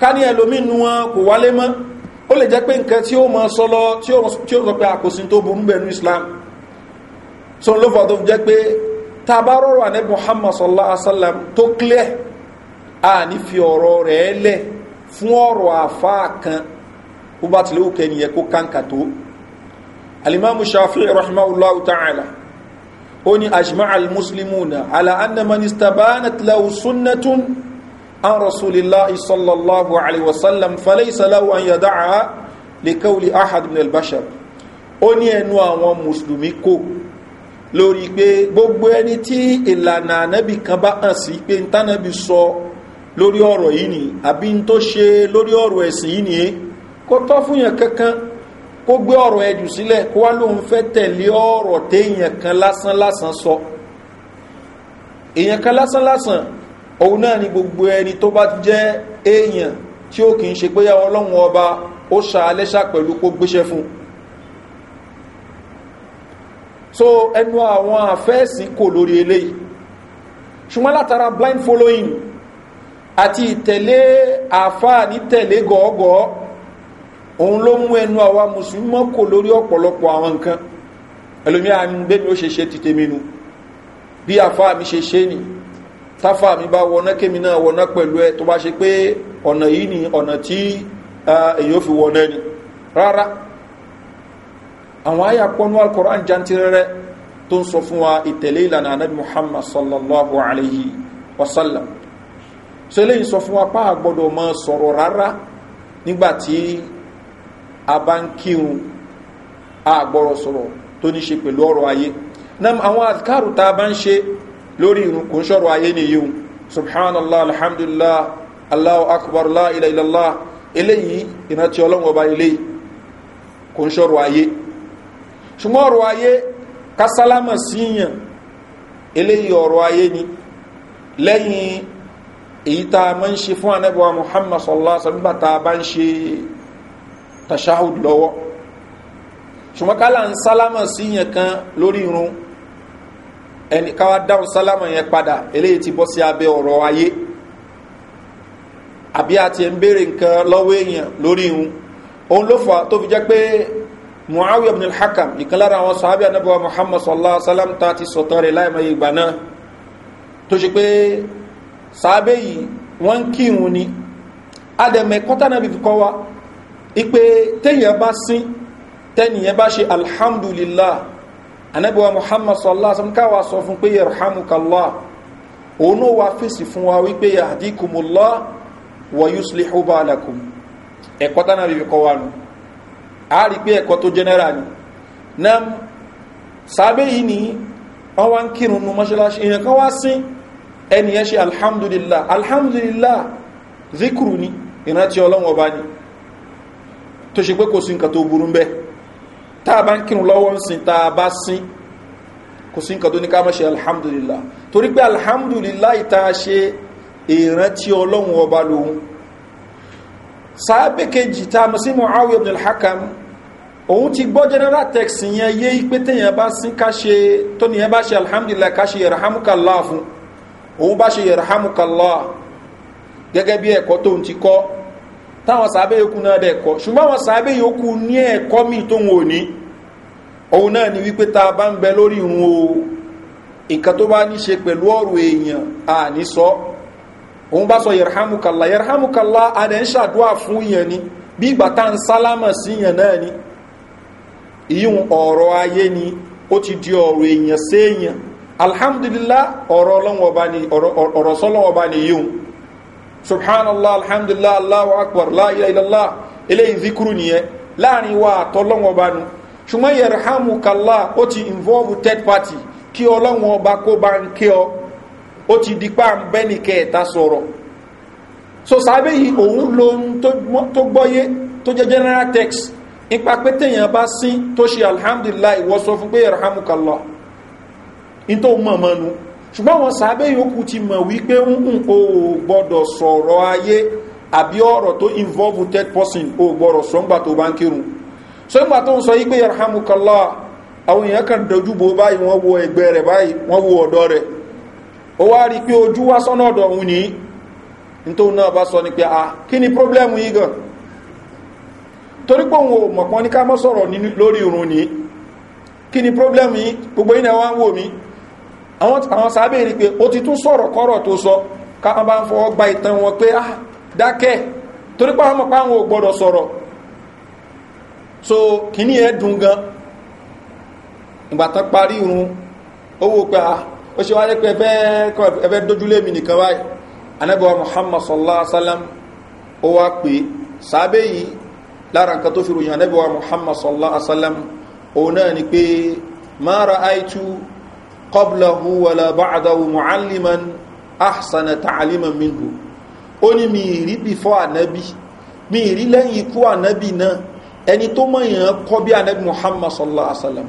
ká ní ẹlòmíì nu wọn kò wálé mọ́ ó lè jẹ́ pé nǹkan tí ó mọ sọ tí ó sọ pé àkóso tó burú bẹ̀ ní islam so ló fọ́ tó fi jẹ́ pé tabarọrọ ane muhammad sallallahu alaihi wa sallam tó clear a ní fi ọ̀rọ̀ rẹ̀ lẹ̀ fún ọ̀rọ̀ àfa kan bó bá tilẹ̀ òkè nìyẹn kó kàǹkà tó alimami shafi rahimahullahu ta'ala ó ní ajma al-muslimuna ala anna man istabanat lahu sunnatun an rasulillahi sallallahu alaihi wa sallam falaysa lahu an yada'a li ahad min al-bashar ó ní ẹnu àwọn mùsùlùmí kò lórí pé gbogbo ẹni tí ìlànà ànábì kan bá hàn sí pé ntánàbì sọ lórí ọ̀rọ̀ yìí ni àbí n tó ṣe lórí ọ̀rọ̀ ẹ̀sìn yìí ni kó tọ́ fún yàn kankan kó gbé ọ̀rọ̀ ẹ̀jù sílẹ̀ kó wá lóun fẹ́ tẹ̀lé ọ̀rọ̀ téèyàn kan lásán lásán sọ èèyàn kan lásán lásán òun náà ni gbogbo ẹni tó bá jẹ́ èèyàn tí ó kì í ṣe pé ọlọ́run ọba ó ṣàlẹ́ṣà pẹ̀lú kó gbéṣẹ́ fún so ẹnu àwọn àfẹ́ẹ̀sì kò lórí eléyìí ṣùgbọ́n látara blind following àti ìtẹ̀lé àfáà ní tẹ̀lé gọ́ọ̀gọ́ òun ló mú ẹnu àwa mùsùlùmọ́ kò lórí ọ̀pọ̀lọpọ̀ àwọn nǹkan ẹlòmí àgbé mi ó ṣe ṣe ti tèmi bí àfáà mi ṣe ṣe ni táfáà mi bá wọná kémi náà wọná pẹ̀lú ẹ tó bá ṣe pé ọ̀nà yìí ni ọ̀nà tí èyí fi wọná ni rárá àwọn àyà pọ́nú alkọ̀rán jantirẹrẹ tó ń sọ fún wa ìtẹ̀lé ìlànà anabi muhammad sallallahu alayhi wa sallam so eléyìí sọ fún wa pa àgbọ̀dọ̀ mọ sọ̀rọ̀ rárá nígbà tí a bá ń kírun àgbọ̀rọ̀ sọ̀rọ̀ tó ní ṣe pẹ̀lú ọ̀rọ̀ ayé nam àwọn àkàrù tá a bá ń ṣe lórí irun kò ń ṣọ̀rọ̀ ayé nìyí subhanallah alhamdulillah allahu akbar la ilaha illallah eléyìí ìrántí ọlọ́run ọba eléyìí kò ń ṣọ̀rọ̀ ayé ṣùgbọ́n ọ̀rọ̀ ayé kásálámà síyàn eléyìí ọ̀rọ̀ ayé ni lẹ́yìn èyí tá a máa ń ṣe fún anábíwá muhammad sallallahu alaihi tá a bá ń ṣe tashahud lọ́wọ́ ṣùgbọ́n kálá ń sálámà síyàn kan lórí irun ẹni káwá dáhùn sálámà yẹn padà eléyìí ti bọ́ sí abẹ́ ọ̀rọ̀ ayé àbí àti ẹ̀ ń béèrè nǹkan lọ́wọ́ èèyàn lórí irun òun ló fà tó fi jẹ́ pé muawiya bin al-hakam ìkan lára àwọn sàábì anábọ̀ muhammad sallallahu alaihi wasallam ta ti sọ̀tọ̀ rẹ̀ láìmọ̀ ìgbà náà tó ṣe pé sàábẹ́ yìí wọ́n ń kírun ni adẹ̀mẹ̀ kọ́tànàbí fi kọ́ wa ipe tẹ́yìn bá sín tẹ́nìyàn bá ṣe alhamdulillah anábíwa muhammad sallallahu alaihi wasallam káwa sọ fún pé yarhamukallah òun a rí pé ẹ̀kọ́ tó general ni na sábẹ́ yìí ni wọ́n wá ń kírun nu mọ́ṣáláṣí èèyàn kan wá sí ẹni yẹn ṣe alhamdulillah alhamdulillah zikru ni ìrántí ọlọ́wọ́ bá ni tó ṣe pé kò sí nǹkan tó burú ń bẹ́ tá bá ń kírun lọ́wọ́ ń sin tá a bá sin kò sí nǹkan tó ní ká mọ́ alhamdulillah torí pé alhamdulillah ìta ṣe ìrántí ọlọ́wọ́ ọba lòun sàábé kejì tá a mọ̀ sí muawiya ibn al-hakam òun ti gbọ́ general text yẹn yé pé téèyàn bá sín ká ṣe tó nìyẹn bá ṣe alhamdulilayi ká ṣe yẹ̀rọ̀hámùkàlá fún òun bá ṣe yẹ̀rọ̀hámùkàlá gẹ́gẹ́ bí ẹ̀kọ́ tó ń ti kọ́ táwọn sàábé yòókù náà dẹ̀ kọ́ ṣùgbọ́n àwọn sàábé yòókù ní ẹ̀kọ́ míì tó ń wò ní òun náà ni wípé tá a bá ń bẹ lórí ìrun o nǹkan tó bá ní ṣe pẹ̀lú ọ̀rọ̀ èèyàn à ní òun bá sọ yẹ̀rẹ̀hámùkàlá yẹ̀rẹ̀hámùkàlá adẹ̀ ń ṣàdúwà fún yẹn ni bí ìgbà tá ń sálámà sí yẹn náà ni ìyún ọ̀rọ̀ ayé ni ó ti di ọ̀rọ̀ èèyàn sí èèyàn alhamdulillah ọ̀rọ̀ sọ́lọ́wọ́ba ni yíò subhanallah alhamdulillah allahu akbar láìláìlá eléyìí zikuru nìyẹn láàrin wa àtọ́lọ́wọ́ba nu ṣùgbọ́n yẹ̀rẹ̀hámùkàlá ó ti involve third party kí ọlọ́wọ́ba kó bá ń ké ọ ó ti di pa bẹ́ni kẹta sọ̀rọ̀ so sábẹ́ yìí òun lo ohun tó gbọ́yé tó jẹ́ general text ipa pé téèyàn bá sín tó ṣe alhamdulillah ìwọ sọ fún pé in tó mọ̀ mọ́nu ṣùgbọ́n wọn sábẹ́ yòókù ti mọ̀ wípé ń o gbọ́dọ̀ sọ̀rọ̀ ayé àbí ọ̀rọ̀ tó involve third person o gbọ́dọ̀ sọ ńgbà tó so ńgbà tó ń sọ yìí pé yarhamukallah àwọn èèyàn ó wá rí pé ojú wá sọ́nà ọ̀dọ̀ òun ní náà bá sọ ni pé a ah, kí ni pọ́blẹ́mù yìí gan torí pé òun ò mọ̀pọ̀ ní ká lórí irun ní kí ni pọ́blẹ́mù yìí gbogbo iná wá ń wò mí àwọn sábẹ́ rí pé ó ti tún sọ̀rọ̀ kọ́rọ̀ tó sọ káwọn bá ń fọwọ́ gba ìtàn wọn pé a ah, dákẹ́ torí pé àwọn mọ̀pá àwọn so kí ni ẹ̀ gan ìgbà tán parí ó a ah, ó ṣe wáyé pé ẹbẹ́ dójúlé mi nìkan wáyé anábíwá muhammad sallallahu alaihi wasallam ó wá pé sábẹ́ yìí lára nǹkan tó fi ròyìn anábíwá muhammad sallallahu alaihi wasallam òun náà ni pé mara ó ní mi rí before anabi mi rí lẹ́yìn ikú anabi náà ẹni tó mọ̀ yàn kọ́ bí anabi muhammad sallallahu alaihi wasallam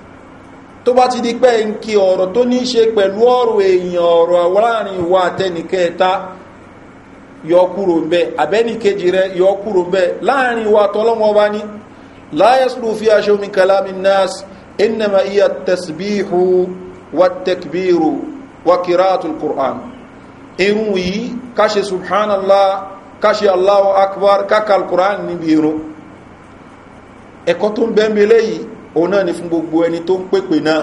tó bá ti di pé ń kí ọ̀rọ̀ tó ní ṣe pẹ̀lú ọ̀rọ̀ èèyàn ọ̀rọ̀ láàrin ìwà àtẹnìkẹta yọkúrò ń bẹ́ àbẹ́nìkejì rẹ yọkúrò ń bẹ́ láàrin ìwà tọ́lọ́wọ́ bá ní láyẹ̀sùlù fi aṣọ mi kalami nas inama iya tasbihu wa tekbiru wa kiratul ẹ̀kọ́ tó ń bẹ́ẹ̀ òun náà ni fún gbogbo ẹni tó ń pèpè náà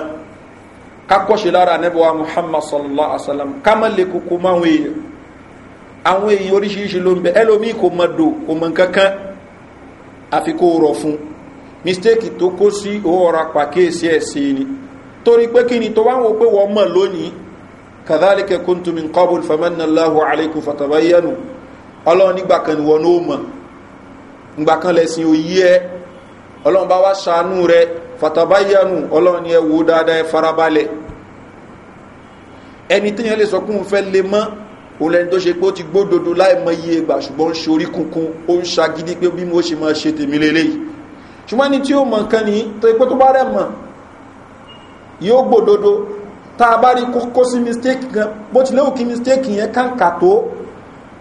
kákọ́ṣe lára nẹ́bọ̀wá muhammad sallallahu alaihi wasallam ká má lè kókó máwọn èèyàn àwọn èèyàn oríṣiríṣi ló ń bẹ ẹlòmíì kò mọ dò kò mọ kankan àfi kó rọ̀ fún mistake tó kó sí owó ọ̀rọ̀ pàkíyèsí ẹ̀ sí ni torí pé kí ni tó wá ń wo pé wọ́n mọ̀ lónìí kàdálíkẹ kúntùmí kọbùl fàmánàláhù àlékù fàtàbáyánu ọlọ́run nígbà kan ni wọ́n ó fatabayanu ọlọ́run ni ẹ wo dáadáa ẹ farabalẹ̀ ẹni tí yẹn lè sọ kún un fẹ́ lè mọ́ òun lẹni tó ṣe pé ó ti gbódodo láì mọ iye ìgbà ṣùgbọ́n ṣorí kunkun ó ń ṣagídí pé bí mo ṣe máa ṣe tèmi lélẹ́yìí ṣùgbọ́n ni tí ó mọ̀ nǹkan nìyí tó ipé tó bá rẹ̀ mọ̀ yóò gbòdodo tá a bá rí kókó sí mistake kan bó ti léwu kí mistake yẹn kàǹkà tó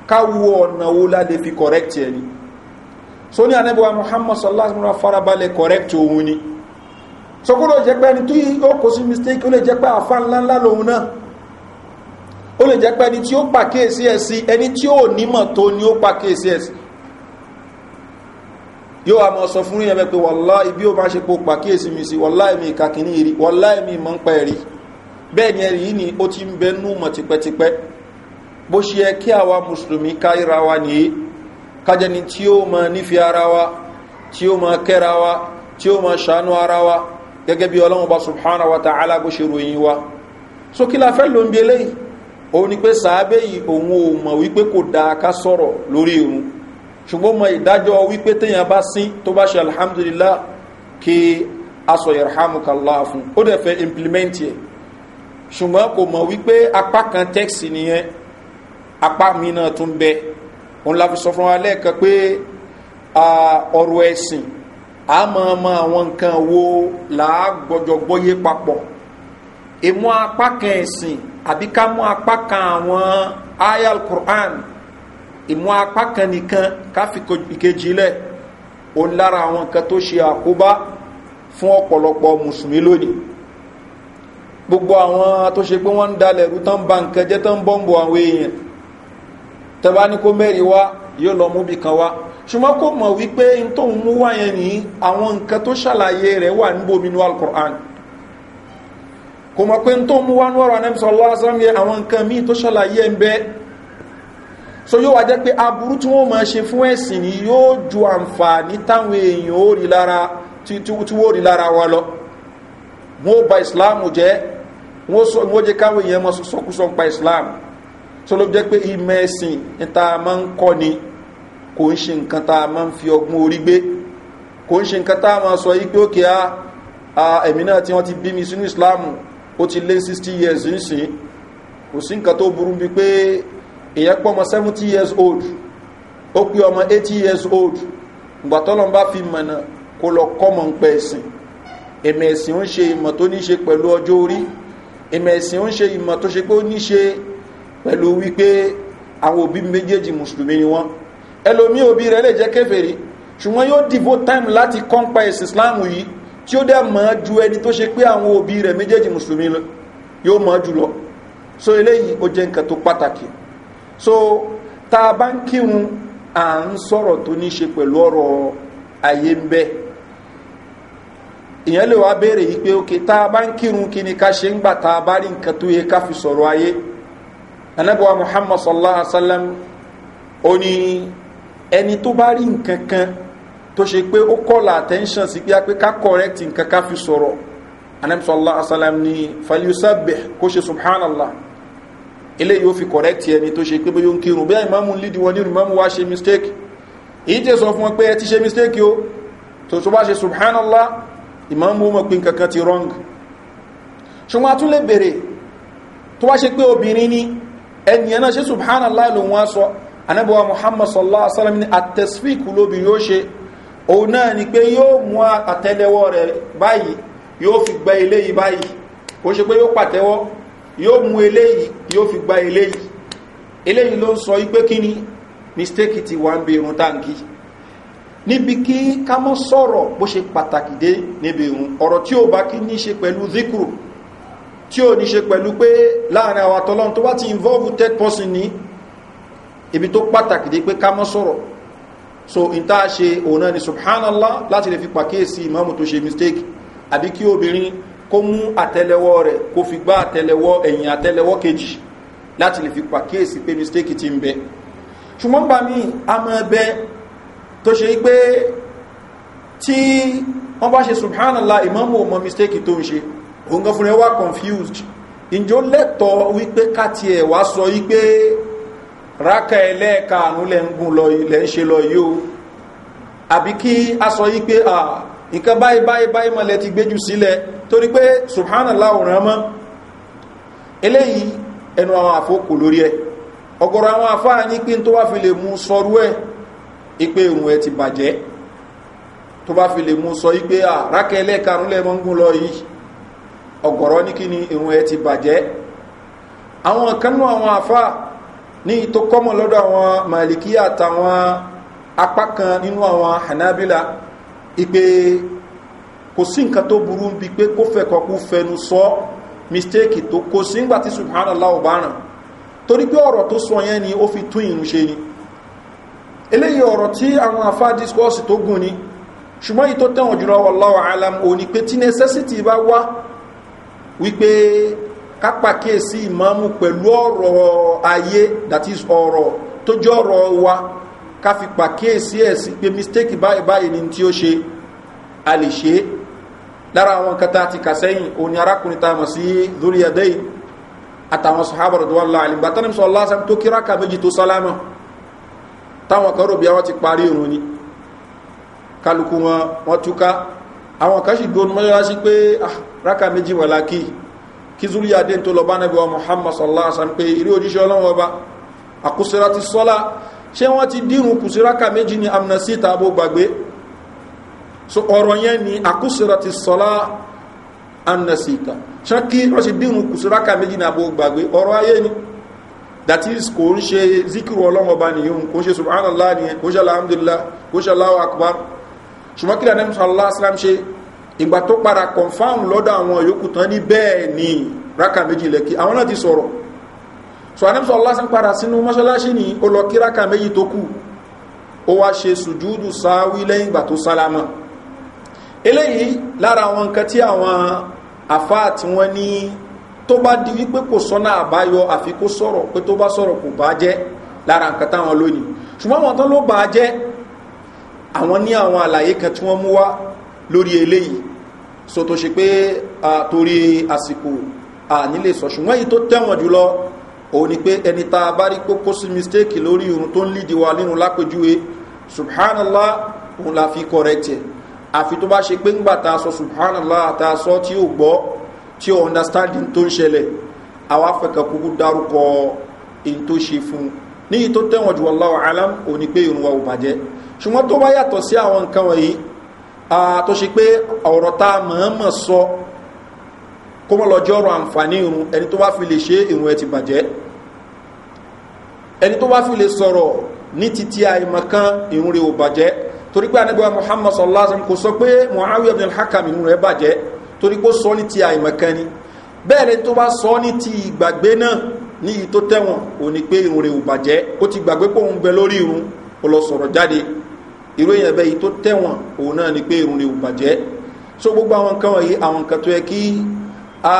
káwo ọ̀nà wo la fi correct ẹni so ní anábíwá muhammad sallallahu alaihi wa farabalẹ̀ correct òun ni. Sokoro jẹ́ pé ẹni tí ó kó sí mistake ó lè jẹ́ pé àfá ńláńlá lòun náà ó lè jẹ́ pé ẹni tí ó pàkíyèsí ẹ̀ sí ẹni tí ó nímọ̀ tó ni ó pàkíyèsí ẹ̀ sí yóò àmọ́ sọ fún ìyẹn pé wọ́lá ibi ó máa ṣe po pàkíyèsí mi sí wọ́lá èmi ìkàkíní ìrí wọ́lá èmi ìmọ̀ ń pẹ́ rí bẹ́ẹ̀ ni ẹ̀rí ni ó ti ń bẹ nú mọ̀ tipẹ́tipẹ́ bó ṣe yẹ kí àwa mùsùlùmí káyíra wa nìyí kájẹni tí ó máa nífi ara wa tí ó máa kẹ́ra wa tí ó máa ṣàánú ara wa gẹ́gẹ́ bí ọlọ́run bá subhana wa ta'ala bó ṣe ròyìn wa so kí la fẹ́ ló ń bi eléyìí òun ni pé sàábé yìí òun ò mọ̀ wípé kò dáa ká sọ̀rọ̀ lórí irun ṣùgbọ́n mọ ìdájọ́ wípé téèyàn bá sín tó bá ṣe alhamdulillah kí aṣọ yarhamukallah fún ọrọ̀ ẹ̀sìn a máa mọ àwọn nǹkan wo làágbọ́jọ gbọ́yé papọ̀ ìmú apá kan ẹ̀sìn àbí ká mú apá kan àwọn ayal quran ìmú apá kan nìkan ká fi ìkejì lẹ̀ ó ń lára àwọn nǹkan tó ṣe àkóbá fún ọ̀pọ̀lọpọ̀ mùsùlùmí lónìí gbogbo àwọn tó ṣe pé wọ́n ń dalẹ̀ rú tán ba nǹkan jẹ́ tán bọ́ǹbù àwọn èèyàn tẹ́bá ní kó mẹ́rin wá yóò lọ mú bí kan wá ṣùgbọ́n kò mọ̀ wípé n tó ń mú wá yẹn ní àwọn nǹkan tó ṣàlàyé rẹ̀ wà níbo mi ní alukur'an kò mọ̀ pé n tó ń mú wá ní ọ̀rọ̀ anẹ́mísọ̀ lásán ní àwọn nǹkan míì tó ṣàlàyé ń bẹ́ so yóò wá jẹ́ pé aburú tí wọ́n máa ṣe fún ẹ̀sìn ni yóò ju àǹfààní táwọn èèyàn ó rí lára tí wọ́n rí lára wa lọ wọ́n ba ìsìláàmù jẹ́ wọ́n jẹ́ káwọn èèyàn mọ́ sọ́kúsọ́ pa ìsìláàmù tó ló jẹ́ pé ìmọ̀ ẹ̀sìn níta máa ń kọ́ ni kò ń ṣe nǹkan tá a máa ń fi ọgbọ́n orí gbé kò ń ṣe nǹkan tá a máa sọ yí pé òkè a ẹ̀mí náà tí wọ́n ti bí mi sínú ìsìláàmù ó ti lé 60 years nísìn kò sí nǹkan tó burú bí pé èyàn pọ́ ọmọ 70 years old ó pé ọmọ 80 years old ìgbà tọ́lọ́n bá fi mọ̀nà kó lọ kọ́mọ̀ ń pẹ́ ẹ̀sìn ẹ̀mẹ̀ ẹ̀sìn ìmọ̀ ẹ̀sìn ó ń ṣe ìmọ̀ tó ní pẹ̀lú wípé àwọn òbí méjèèjì mùsùlùmí ni wọ́n ẹlòmí òbí rẹ̀ lè jẹ́ kéfèrí ṣùgbọ́n yóò dìbò time láti kọ́ńpa ẹ̀sìn islam yìí tí ó dẹ̀ mọ́ ju ẹni tó ṣe pé àwọn òbí rẹ̀ méjèèjì mùsùlùmí yóò mọ́ jùlọ so eléyìí ó jẹ́ nǹkan tó pàtàkì so tá a bá ń kírun à ń sọ̀rọ̀ tó ní ṣe pẹ̀lú ọ̀rọ̀ ayé ń bẹ́ ìyẹn lè wá béèrè yìí pé ok tá bá ń kírun kí ni ká ṣe ń gbà tá bá rí nǹkan tó yẹ ká fi sọ̀rọ̀ ayé anabiwa muhammad sallallahu alaihi wa sallam ó ní ẹni tó bá rí nǹkan kan tó ṣe pé ó kọ́lá attention sí pé ká correct nǹkan ká fi sọ̀rọ̀ anabi sallallahu alaihi wa sallam ní falyusabbih kó ṣe subhanallah ilé yóò fi correct ẹni tó ṣe pé bóyá ń kírun bóyá ìmáàmù ń lídìí wọn nínú ìmáàmù wá ṣe mistake èyí tẹ́ sọ fún wọn pé ẹ ti ṣe mistake o tó tó bá ṣe subhanallah ìmáàmù mọ̀ pé nǹkan kan ti wrong ṣùgbọ́n a tún lè bèrè tó wá ṣe pé obìnrin ni ẹnìyàn náà ṣe subhanallah ló wọ́n sọ anábọ̀wá muhammad sallallahu alaihi wasallam ni atẹ́sífìk lóbi yóò ṣe òun náà ni pé yóò mú àtẹ́lẹwọ́ rẹ̀ báyìí yóò fi gba eléyìí báyìí ó ṣe pé yóò pàtẹ́wọ́ yóò mú eléyìí yóò fi gba eléyìí eléyìí ló ń sọ wípé kí ni mistake ti wà ń bi irun táǹkì níbi kí ká mọ́ sọ̀rọ̀ bó ṣe pàtàkì dé níbi irun ọ̀rọ̀ tí ó bá kí ní ṣe pẹ̀lú zikru tí ò ní ṣe pẹ̀lú pé láàrin àwọn àtọ́lọ́n tó bá ti involve third person ní ibi tó pàtàkì dé pé ká mọ́ sọ̀rọ̀ so in tá a ṣe òun náà ni subhanallah láti lè fi pàkíyèsí ìmọ́mù tó ṣe mistake àbí kí obìnrin kó mú àtẹ́lẹwọ́ rẹ̀ kó fi gbá àtẹ́lẹwọ́ ẹ̀yìn àtẹ́lẹwọ́ kejì láti lè fi pàkíyèsí pé mistake ti ń bẹ ṣùgbọ́n gbà mí a mọ́ ẹbẹ tó ṣe pé tí wọ́n bá ṣe subhanallah Imamu ò mọ mistake tó ń ṣe òun gan fúnra wà confused ìjọ lẹ́tọ̀ wípé káti ẹ̀ wá sọ wípé rákà ka lẹ́ ń gùn lọ ń ṣe lọ yìí o àbí kí a sọ wípé nǹkan báyìí báyìí báyìí mọ̀lẹ́ ti gbéjù sílẹ̀ torí pé subhanallah ọ̀ràn mọ́ eléyìí ẹnu àwọn àfókò lórí ẹ ọgọ̀rọ̀ àwọn àfáà ní pín tó bá fi lè mú sọrú ẹ̀ ipe ohun ẹ ti bàjẹ́ tó bá fi lè mú sọ ń lọ yìí ọ̀gọ̀rọ̀ ní kí ni irun ẹ ti bàjẹ́ àwọn kanú àwọn àfá ní ìtò kọ́mọ̀ lọ́dọ̀ àwọn màlìkí àtàwọn apá nínú àwọn hanabila ipe kò sí nǹkan tó burú ń pé kó fẹ́kọ̀ọ́ kú fẹnu sọ mistake tó kò sí ńgbà tí subhanallah ò bá ràn torí pé ọ̀rọ̀ tó sọ yẹn ni ó fi tún ìrun ṣe ni eléyìí ọ̀rọ̀ tí àwọn afá discourse tó gùn ni ṣùgbọ́n yìí tẹ̀wọ̀n jùlọ wọ́n láwọ̀ alam òní pé tí necessity bá wá wípé kápákíyèsí ìmáàmù pẹ̀lú ọ̀rọ̀ ayé that is ọ̀rọ̀ tó jẹ́ ọ̀rọ̀ wa ká fi pàkíyèsí ẹ̀ sí pé mistake báyìí báyìí ni tí ó ṣe a lè ṣe é lára àwọn kata ti kà sẹ́yìn òní arákùnrin tá a mọ̀ sí lórí ẹ̀dẹ́ yìí àtàwọn sọ̀hábà rẹ̀ wọ́n láàrin bàtà ní lásán tó kí ráka méjì tó sálámà táwọn kan rò àwọn ti parí òun ni kálukú wọn wọn túká àwọn kan sì dúró mọ́ṣáláṣí pé ah, rákà méjì wà lákì kí zúrí adé tó lọ bá nẹ́bí wa muhammad sallallahu alaihi pé ilé òjíṣẹ́ ọlọ́wọ́ bá àkùsíra ti sọ́lá ṣé wọ́n ti dírun kùsíra ká méjì ní amnesty tàbó gbàgbé so ọ̀rọ̀ yẹn ni àkùsíra ti sọ́lá amnesty tà ṣé kí wọ́n ti dírun kùsíra ká méjì ní àbó gbàgbé ọ̀rọ̀ ayé ni that is kò ń ṣe zikiru ọlọ́wọ́ bá nìyí kò ń ṣe subhanallah nìyẹn kò ń ṣe alhamdulillah kò ń ṣe aláwọ̀ akbar ṣùgbọ́n kí ìgbà tó padà confam lọ́dọ̀ àwọn yòókù tán ní bẹ́ẹ̀ ni rákà méjì lẹ́kí àwọn náà ti sọ̀rọ̀ so anẹ́bùsọ̀ lásán padà sínú mọ́ṣáláṣí ni ó lọ kí rákà méjì tó kù ó wá ṣe sùjúdù sáwí lẹ́yìn ìgbà tó sálámà eléyìí lára àwọn nǹkan tí àwọn àfáà tí wọ́n ní tó bá di wípé kò sọ́nà àbáyọ àfi kó sọ̀rọ̀ pé tó bá sọ̀rọ̀ kò bá jẹ́ lára nǹkan táwọn lónìí ṣùgbọ́n àwọn tán ló bá jẹ́ àwọn ní àwọn àlàyé kan tí wọ́n mú wá lórí eléyìí so tó ṣe pé torí àsìkò ànílè sọ ṣùgbọ́n èyí tó tẹ̀wọ̀n jùlọ òun ni pé ẹni tá a bá rí pé kó sí mistake lórí irun tó ń lìdí wa nínú lápèjúwe subhanallah òun la fi correct ẹ̀ àfi tó bá ṣe pé ńgbà tá a sọ subhanallah tá a sọ tí ó gbọ́ tí ó understanding tó ń ṣẹlẹ̀ àwa fẹ̀kẹ̀ kúkú dárúkọ in tó ṣe fún un níyí tó tẹ̀wọ̀n jù wọ́n alam òun ni pé irun wa ò bàjẹ́ ṣùgbọ́n tó bá yàtọ̀ sí àwọn nǹkan wọ̀nyí tó ṣe pé ọ̀rọ̀ tá a mọ̀ọ́mọ̀ sọ kó mọ́ lọ jọ́rọ̀ àǹfààní irun ẹni tó bá fi lè ṣe irun ẹ ti bàjẹ́ ẹni tó bá fi lè sọ̀rọ̀ ní titi àìmọ̀kan irun rẹ̀ ò bàjẹ́ torí pé anábíwá muhammad sallallahu alaihi wasallam kò sọ pé muhammad ibn al-hakam irun rẹ̀ bàjẹ́ torí pé ó sọ ní ti àìmọ̀kan ni bẹ́ẹ̀ ni tó bá sọ ní ti ìgbàgbé náà ní iye tó tẹ̀wọ̀n ò ní pé irun rẹ̀ ò bàjẹ́ ó ti gbàgbé pé òun bẹ lórí irun ó lọ sọ̀rọ̀ jáde irú èèyàn bẹ́ẹ̀ yìí tó tẹ̀wọ̀n òun náà ni pé irun rẹ̀ ò bàjẹ́ so gbogbo àwọn nǹkan wọ̀nyí àwọn nǹkan tó yẹ kí a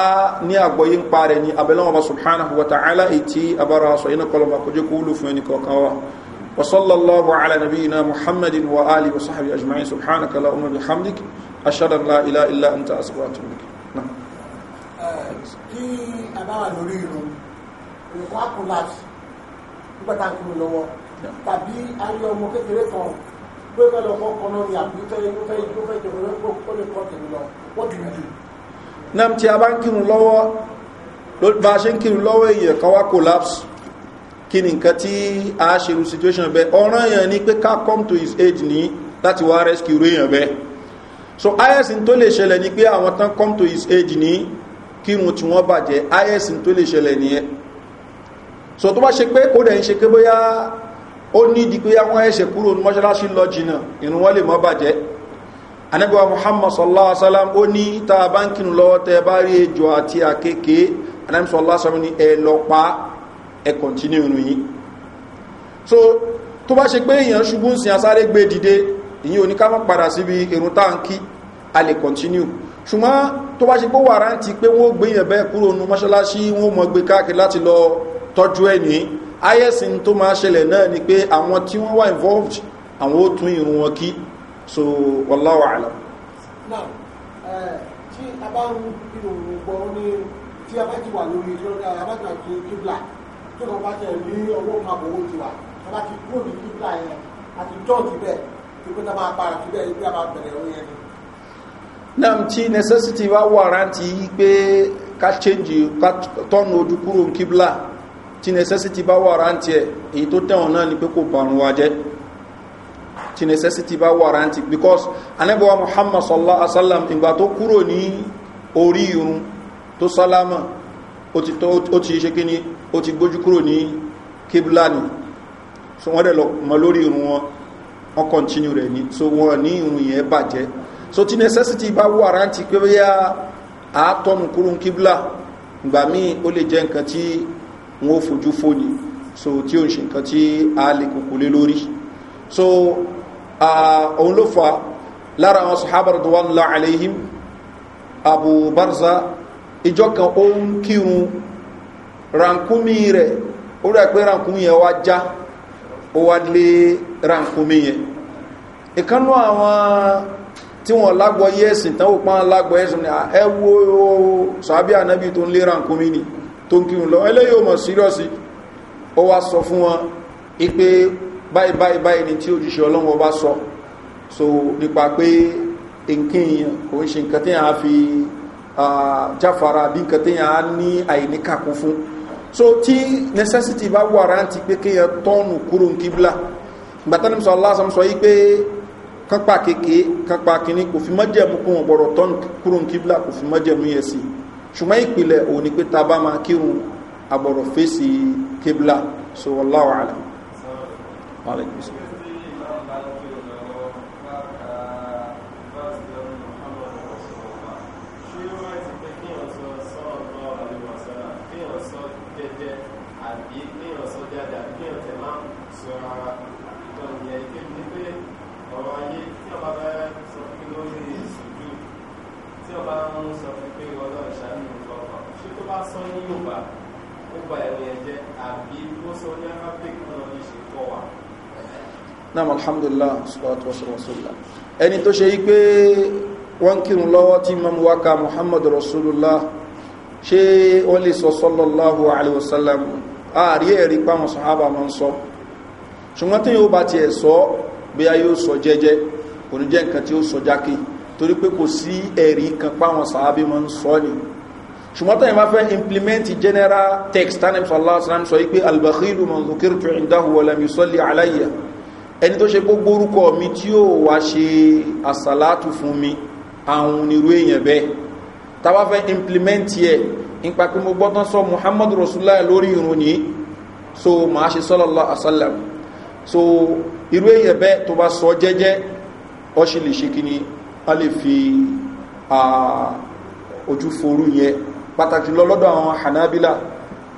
ní àgbọ̀yé ń pa rẹ̀ ní abẹ́lẹ́wọ̀n bá subhanahu wa ta'ala ètí abára sọ yìí náà kọlọ̀ bá kojú kó wúlò fún ẹnì kọ̀ọ̀kan wa wa sallallahu ala nabiyina muhammadin wa ali wa sahbihi ajma'in subhanaka la umar bihamdik ashhadu an la ilaha illa anta astaghfiruka wa atubu ilayk kí a bá wà irun nǹkan á kú láti nígbà tá à ń kú lọ́wọ́ kan pé fẹ́ lọ kọ́ kọ́nà ní àbúfẹ́ ìlúfẹ́ ìlúfẹ́ ìjọba nam tí a bá ń kírun lọ́wọ́ bá collapse kí ni nǹkan tí a ṣe situation bẹ́ẹ̀ ọ̀ràn èèyàn ni pé ká come to his aid ní láti wá rescue èèyàn bẹ́ẹ̀ so is tó lè ṣẹlẹ̀ ni pé àwọn tán come to his aid ní kírun tí wọ́n bàjẹ́ is tó lè ṣẹlẹ̀ nìyẹn so tó bá ṣe pé ó ń ṣe pé ó ní di pé àwọn ẹ̀ṣẹ̀ kúrò ní mọ́ṣálásí lọ jìnà ìrùn wọ́n lè mọ́ bàjẹ́ anábíwá muhammad sallallahu alaihi wasallam ó ní ta báńkìnù lọ́wọ́ tẹ bá rí ejò àti àkékè anábí sallallahu alaihi wasallam ní ẹ lọ pa ẹ kọ̀ntínú ìrùn yìí so tó bá ṣe pé èèyàn ṣubú ń sin asáré gbé dìde ìyí oníká mọ́ padà síbi ìrùn táǹkì a lè kọ̀ntínú ṣùgbọ́n tó bá ṣe pé wàrántí pé wọ́n gbé yẹn bẹ́ẹ̀ kúrò ní mọ́ṣálásí wọ́n mọ̀ gbé káàkiri láti lọ tọ́jú ẹ̀ ayẹ́sìn tó máa ṣẹlẹ̀ náà ni pé àwọn tí wọ́n wà involved àwọn ó tún irun wọn kí so wallahu alam. now eh, tí a bá ń ìròyìn gbọ́ ní tí a bá ti wà lórí ìjọba a bá ti wà lórí kíbla tó kàn bá tẹ̀ ní ọwọ́ màbọ̀ owó ti wà a bá ti kúrò ní kíbla yẹn àti jọ́ọ̀tì bẹ́ẹ̀ tí kò tá máa para síbẹ̀ ibi a máa bẹ̀rẹ̀ orí ẹni. náà tí necessity wá wà rántí pé ká change ká tọ́nu ojú kúrò kíbla tí necessity bá wà rántí ẹ̀ èyí tó tẹ̀wọ̀n náà ni pé kò bàrùn wa jẹ́ tí necessity bá wà rántí because anábíwá muhammad sallallahu alaihi wasallam ìgbà tó kúrò ní orí irun tó sálámà ó ti ṣe kíní ó ti gbójú kúrò ní kébùlá ni so wọ́n dẹ̀ lọ mọ́ lórí irun wọn wọ́n continue rẹ̀ ni so wọ́n ní irun yẹn bàjẹ́ so tí necessity bá wà rántí pé bóyá àátọ́nù kúrò ní kébùlá ìgbà míì ó lè jẹ́ nǹkan tí wọn ó fojú fóni so tí ó ń ṣe nǹkan tí a lè kòkò lé lórí so òun ló fa lára àwọn sọ̀hábàrà tó ńlá àlẹ́yìn abu barza ìjọ kan ó ń kírun rankumi rẹ̀ ó rẹ̀ pé rankumi yẹn wá já ó wá lé rankumi yẹn ìkánú àwọn tí wọ́n lágbọ́ yẹ́sìn tán pán lágbọ́ yẹ́sìn ẹwọ́ sàábí ànábì tó ń lé rankumi ni tó ń kírun lọ ẹlẹ́yìn ò mọ̀ síríọ́sì ó wá sọ fún wọn ipé báyìí báyìí ni tí òjíṣẹ́ ọlọ́run ọba sọ so nípa pé nǹkan èèyàn kò ń ṣe nǹkan tí a fi jáfara bí nǹkan tí so tí necessity bá wà rántí pé kéèyàn tọ́nù kúrò ní kíbla ìgbàtà nípa aláàsán sọ yìí pé kápá kéèké kápá kìíní kò fi mọ́jẹ̀mú kún ọ̀gbọ̀rọ̀ tọ́nù kúrò ní kíbla kò fi mọ́jẹ̀mú yẹ sí ṣùgbọ́n ìpìlẹ̀ òun ni pé ta bá máa kírun agbọ̀rọ̀ fèsì kébìlà so wọ́n láwàá alẹ́ alhamdulillah salatu wasu rasulullah ẹni tó ṣe yí pé wọ́n kírun lọ́wọ́ tí imam waka muhammad rasulullah ṣe wọ́n lè sọ sallallahu alaihi wasallam ààrí ẹ̀rí páwọn sọ̀hábà ma ń sọ ṣùgbọ́n tí yóò bá ti ẹ̀ sọ bí a yóò sọ jẹ́jẹ́ kò ní jẹ́ nǹkan tí ó sọ jákè torí pé kò sí ẹ̀rí kan páwọn sọ̀hábà ma ń sọ ni general text tánìm sallallahu alaihi wasallam sọ yí pé albakhilu man dhukirtu indahu wa ẹni tó ṣe gbogbo orúkọ mi tí ó wá ṣe àsàlátù fún mi àwọn onírú èèyàn bẹ́ẹ̀ tàbá fẹ́ implement yẹ nípa pé mo gbọ́tán sọ muhammadu rasulullah lórí irun ní so ma ṣe sọ́lọ́lá asálàm so irú èèyàn bẹ́ẹ̀ tó bá sọ jẹ́jẹ́ ọ ṣe lè ṣe kíni a lè fi ojú forú yẹn pàtàkì lọ́lọ́dọ̀ àwọn hanabila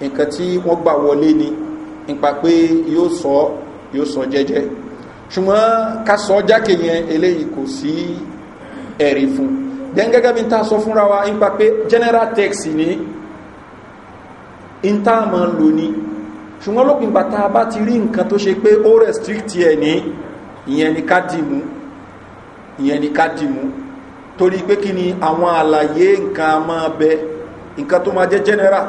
nǹkan tí wọ́n gbà wọlé ni nípa pé yóò sọ yóò sọ jẹ́jẹ́ ṣùgbọ́n ká sọ jákè yẹn eléyìí kò sí ẹ̀rí fún then gẹ́gẹ́ bí n ta sọ fúnra wa ń pa pé general text ni ń tá a máa lò ní ṣùgbọ́n lópin bàtà bá ti rí nǹkan tó ṣe pé ó restrict ẹ̀ ní ìyẹn ni ká dì mú ìyẹn ni ká dì mú torí pé kí ni àwọn àlàyé nǹkan a bẹ nǹkan tó máa jẹ́ general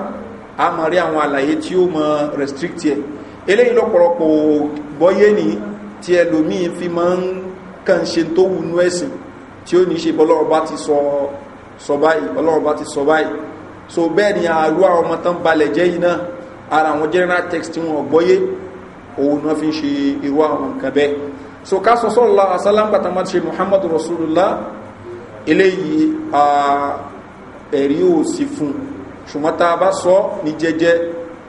a máa rí àwọn àlàyé tí ó máa restrict ẹ̀ eléyìí lọ́pọ̀lọpọ̀ gbọ́yé nìyí tí ẹlòmíì fi máa ń kàn ṣe tó wù nú ẹ̀sìn tí ó ní ṣe bọ́lọ́run ti sọ báyìí bọ́lọ́run ti sọ báyìí so bẹ́ẹ̀ ni àrú àwọn ọmọ tán balẹ̀ jẹ́ yìí náà ara àwọn general text tí wọ́n gbọ́yé òun náà fi ń ṣe irú àwọn nǹkan bẹ́ẹ̀ so ká sọ sọ́lá asálámbàtàmà ṣe muhammadu rasulullah eléyìí ẹ̀rí ò sí fún ṣùgbọ́n tá a bá sọ ní jẹ́jẹ́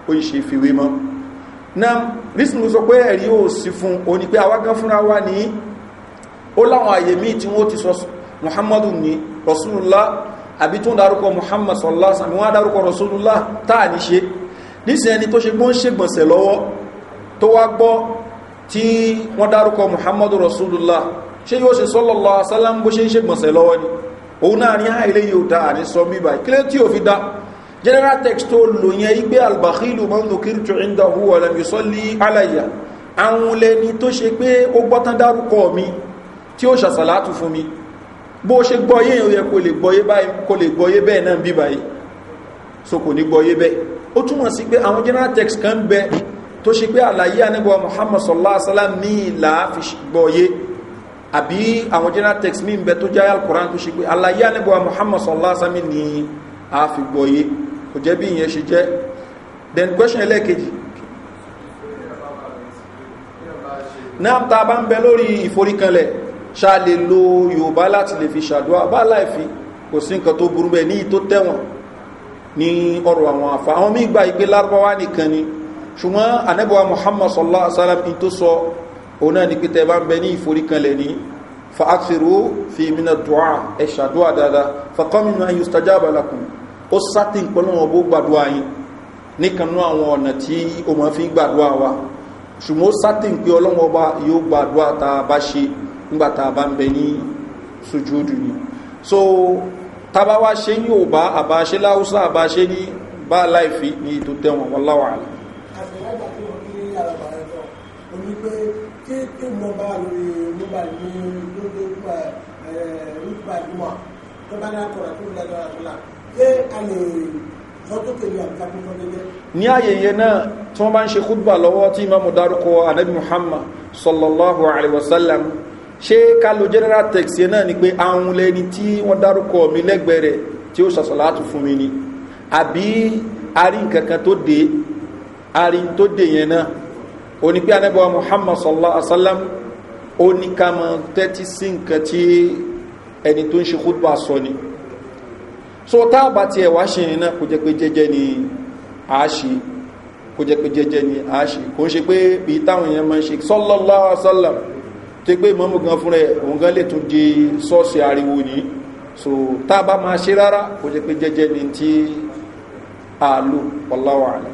ó ń ṣe fìwé mọ́ na rísìmù sọ pé ẹ̀rí ò sí fún o pé awágán fúnra wá ní ó láwọn àyè míì tí wọ́n ti sọ muhammadu ní rasulullah àbí tún dárúkọ muhammad wọ́n táà ní ṣe tó ṣe gbọ́n ṣègbọ̀nsẹ̀ lọ́wọ́ tó wá muhammadu general text tó lò yẹn igbe albakhilu mọ́nù kírìtù ìndà huwa lẹ́mi sọ́lí aláyà àwọn lẹni tó ṣe pé ó gbọ́tán dárúkọ mi tí ó ṣàṣàlátù fún mi bó ṣe gbọ́yé ó yẹ kó lè gbọ́yé bẹ́ẹ̀ náà bí báyìí so kò ní gbọ́yé bẹ́ẹ̀ ó túnmọ̀ sí pé àwọn general text kan bẹ tó ṣe pé àlàyé anígbà muhammad sallallahu alaihi wasallam ní ìlà fi gbọ́yé àbí àwọn general text mi ń bẹ tó jẹ́ alkùnrin tó ṣe pé àlàyé muhammad sallallahu alaihi wasallam ní àfi gbọ́yé kò jẹ́ bí ìyẹn ṣe jẹ́ then question ẹlẹ́ẹ̀kejì náà ta bá ń bẹ lórí ìforíkanlẹ̀ ṣá lè lo yorùbá láti lè fi ṣàdúrà bá láìfi kò sí nǹkan tó burú bẹ́ẹ̀ ní tó tẹ̀wọ̀n ní ọrọ̀ àwọn àfa àwọn míì gba ìgbé lárúbáwá nìkan ni ṣùgbọ́n anábọ̀wá muhammad sallallahu alaihi wa sallam in tó sọ òun náà ni pé tẹ́ bá ń bẹ ní ìforíkanlẹ̀ ní fa fi mina dùn ẹ̀ ṣàdúrà dáadáa fa kọ́mínú ayùsítájà balakùn ó sátì ìpọ́nlọ́wọ́ bó gbàdúrà yín níkanú àwọn ọ̀nà tí o mọ̀ fi gbàdúrà wa ṣùgbọ́n ó sátì pé ọlọ́wọ́ bá yóò gbàdúrà tá a bá ṣe nígbà tá a bá ń bẹ ní sojúdù ni so tábà wá ṣe ní òbá àbáṣe láwùsá àbáṣe ní bá láìfi ní ètò tẹ̀wọ̀n wọn láwà á. tó bá tó ń pé a lè ní ayẹyẹ náà tí wọ́n bá ń ṣe kúdùbà lọ́wọ́ tí imamu dárúkọ anabi muhammad sallallahu alaihi wasallam ṣe kálo general text yẹ náà ni pé àwọn lẹni tí wọ́n dárúkọ mi lẹ́gbẹ̀ẹ́ rẹ̀ tí ó ṣàṣàlátù fún mi ni àbí arí nkankan tó dé arí tó dé yẹn náà o ní pé anabi muhammad sallallahu alaihi wasallam ó ní ká mọ tẹ́tí sí nkan tí ẹni tó ń ṣe kúdùbà sọ ni. So so tá a bá tiẹ̀ wá ṣe iná kò jẹ́ pé jẹ́jẹ́ ni a ṣe kò jẹ́ pé jẹ́jẹ́ ni a ṣe kò ṣe pé bí táwọn èèyàn máa ń ṣe sọ́lọ́láwà sọ́lá tó gbé mọ́mú gan fúnra ẹ̀ òun gan lè tún di sọ́ọ̀sì ariwo ni so tá a bá máa ṣe rárá kò jẹ́ pé jẹ́jẹ́ ni tí a lò ọláwà rẹ̀.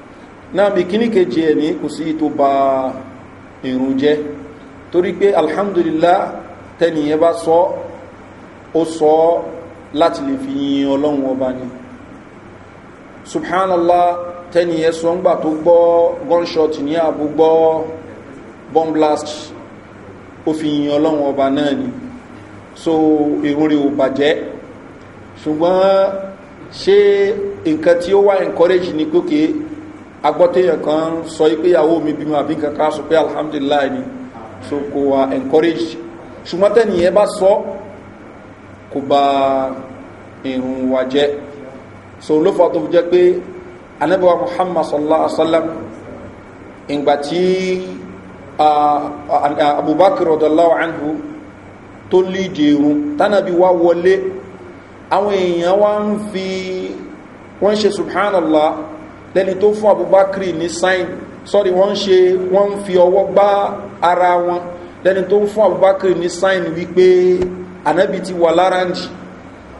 náà bí kíní kejì ẹ̀ ní kò sí tó ba ìrùn jẹ́ torí pé alhamdulillah tẹ́nìyàn bá sọ ó sọ láti lè fi yin ọlọ́run ọba ni subhanallah tẹ́nìyàn sọ ń gbà tó gbọ́ gunshot ní àbú bomb blast ó fi yin ọlọ́run ọba náà ni so ìrùn rẹ̀ ò bàjẹ́ ṣùgbọ́n ṣé nǹkan tí ó wá encourage ní kókè agbọ́tẹ̀yàn kan sọ pé ìyàwó mi bímọ àbí kankan sọ pé alhamdulillah ni so kò wà encourage ṣùgbọ́n tẹ́nìyàn bá sọ kò bá irun wa jẹ́ so ló fà tó fi jẹ́ pé anábíwá muhammad sallallahu alaihi wasallam ìgbà tí abubakar radallahu anhu tó lídì irun tánàbí wá wọlé àwọn èèyàn wá ń fi wọ́n ṣe subhanallah lẹ́ni tó fún abubakar ní sign sorry wọ́n ń ṣe wọ́n ń fi ọwọ́ gbá ara wọn lẹ́ni tó fún abubakar ní sign wípé anabi ti wà lárànjì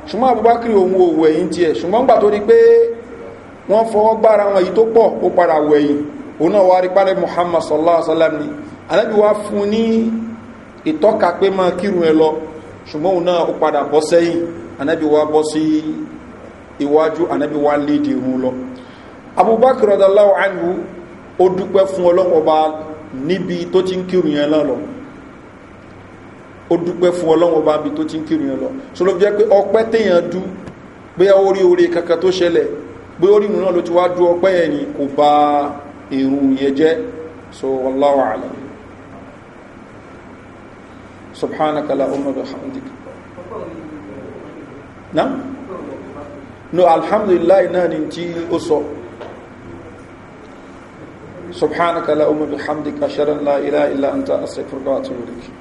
ṣùgbọ́n abubakar òun ò wẹ̀yìn tiẹ̀ ṣùgbọ́n gbà tó rí pé wọ́n fọwọ́ gbára wọn yìí tó pọ̀ ó padà wẹ̀yìn òun náà wá rí pálẹ̀ muhammad sallallahu alaihi wasallam ni anabi wá fún ní ìtọ́ka pé máa kírun ẹ lọ ṣùgbọ́n òun náà ó padà bọ́ sẹ́yìn anabi wá bọ́ sí iwájú anabi wá léde òun lọ abubakar ọ̀dọ̀láwọ̀ àìwú ó dúpẹ́ fún ọlọ́pọ̀ọba níbi tó ti ń kírun yẹn lọ́lọ́ ó dúpẹ́ fún ọlọ́pọ̀ọba níbi tó ti ń yẹn lọ so ló jẹ́ pé ọpẹ́ téèyàn dú pé orí orí kankan tó ṣẹlẹ̀ pé orí ìrùn náà ló ti wá dú ọpẹ́ yẹn ni kò ba èrùn yẹn jẹ́ so ọláwọ̀ àlẹ́ no alhamdulilayi náà ni سبحانك اللهم بحمدك اشهد ان لا اله الا انت استغفرك واتوب اليك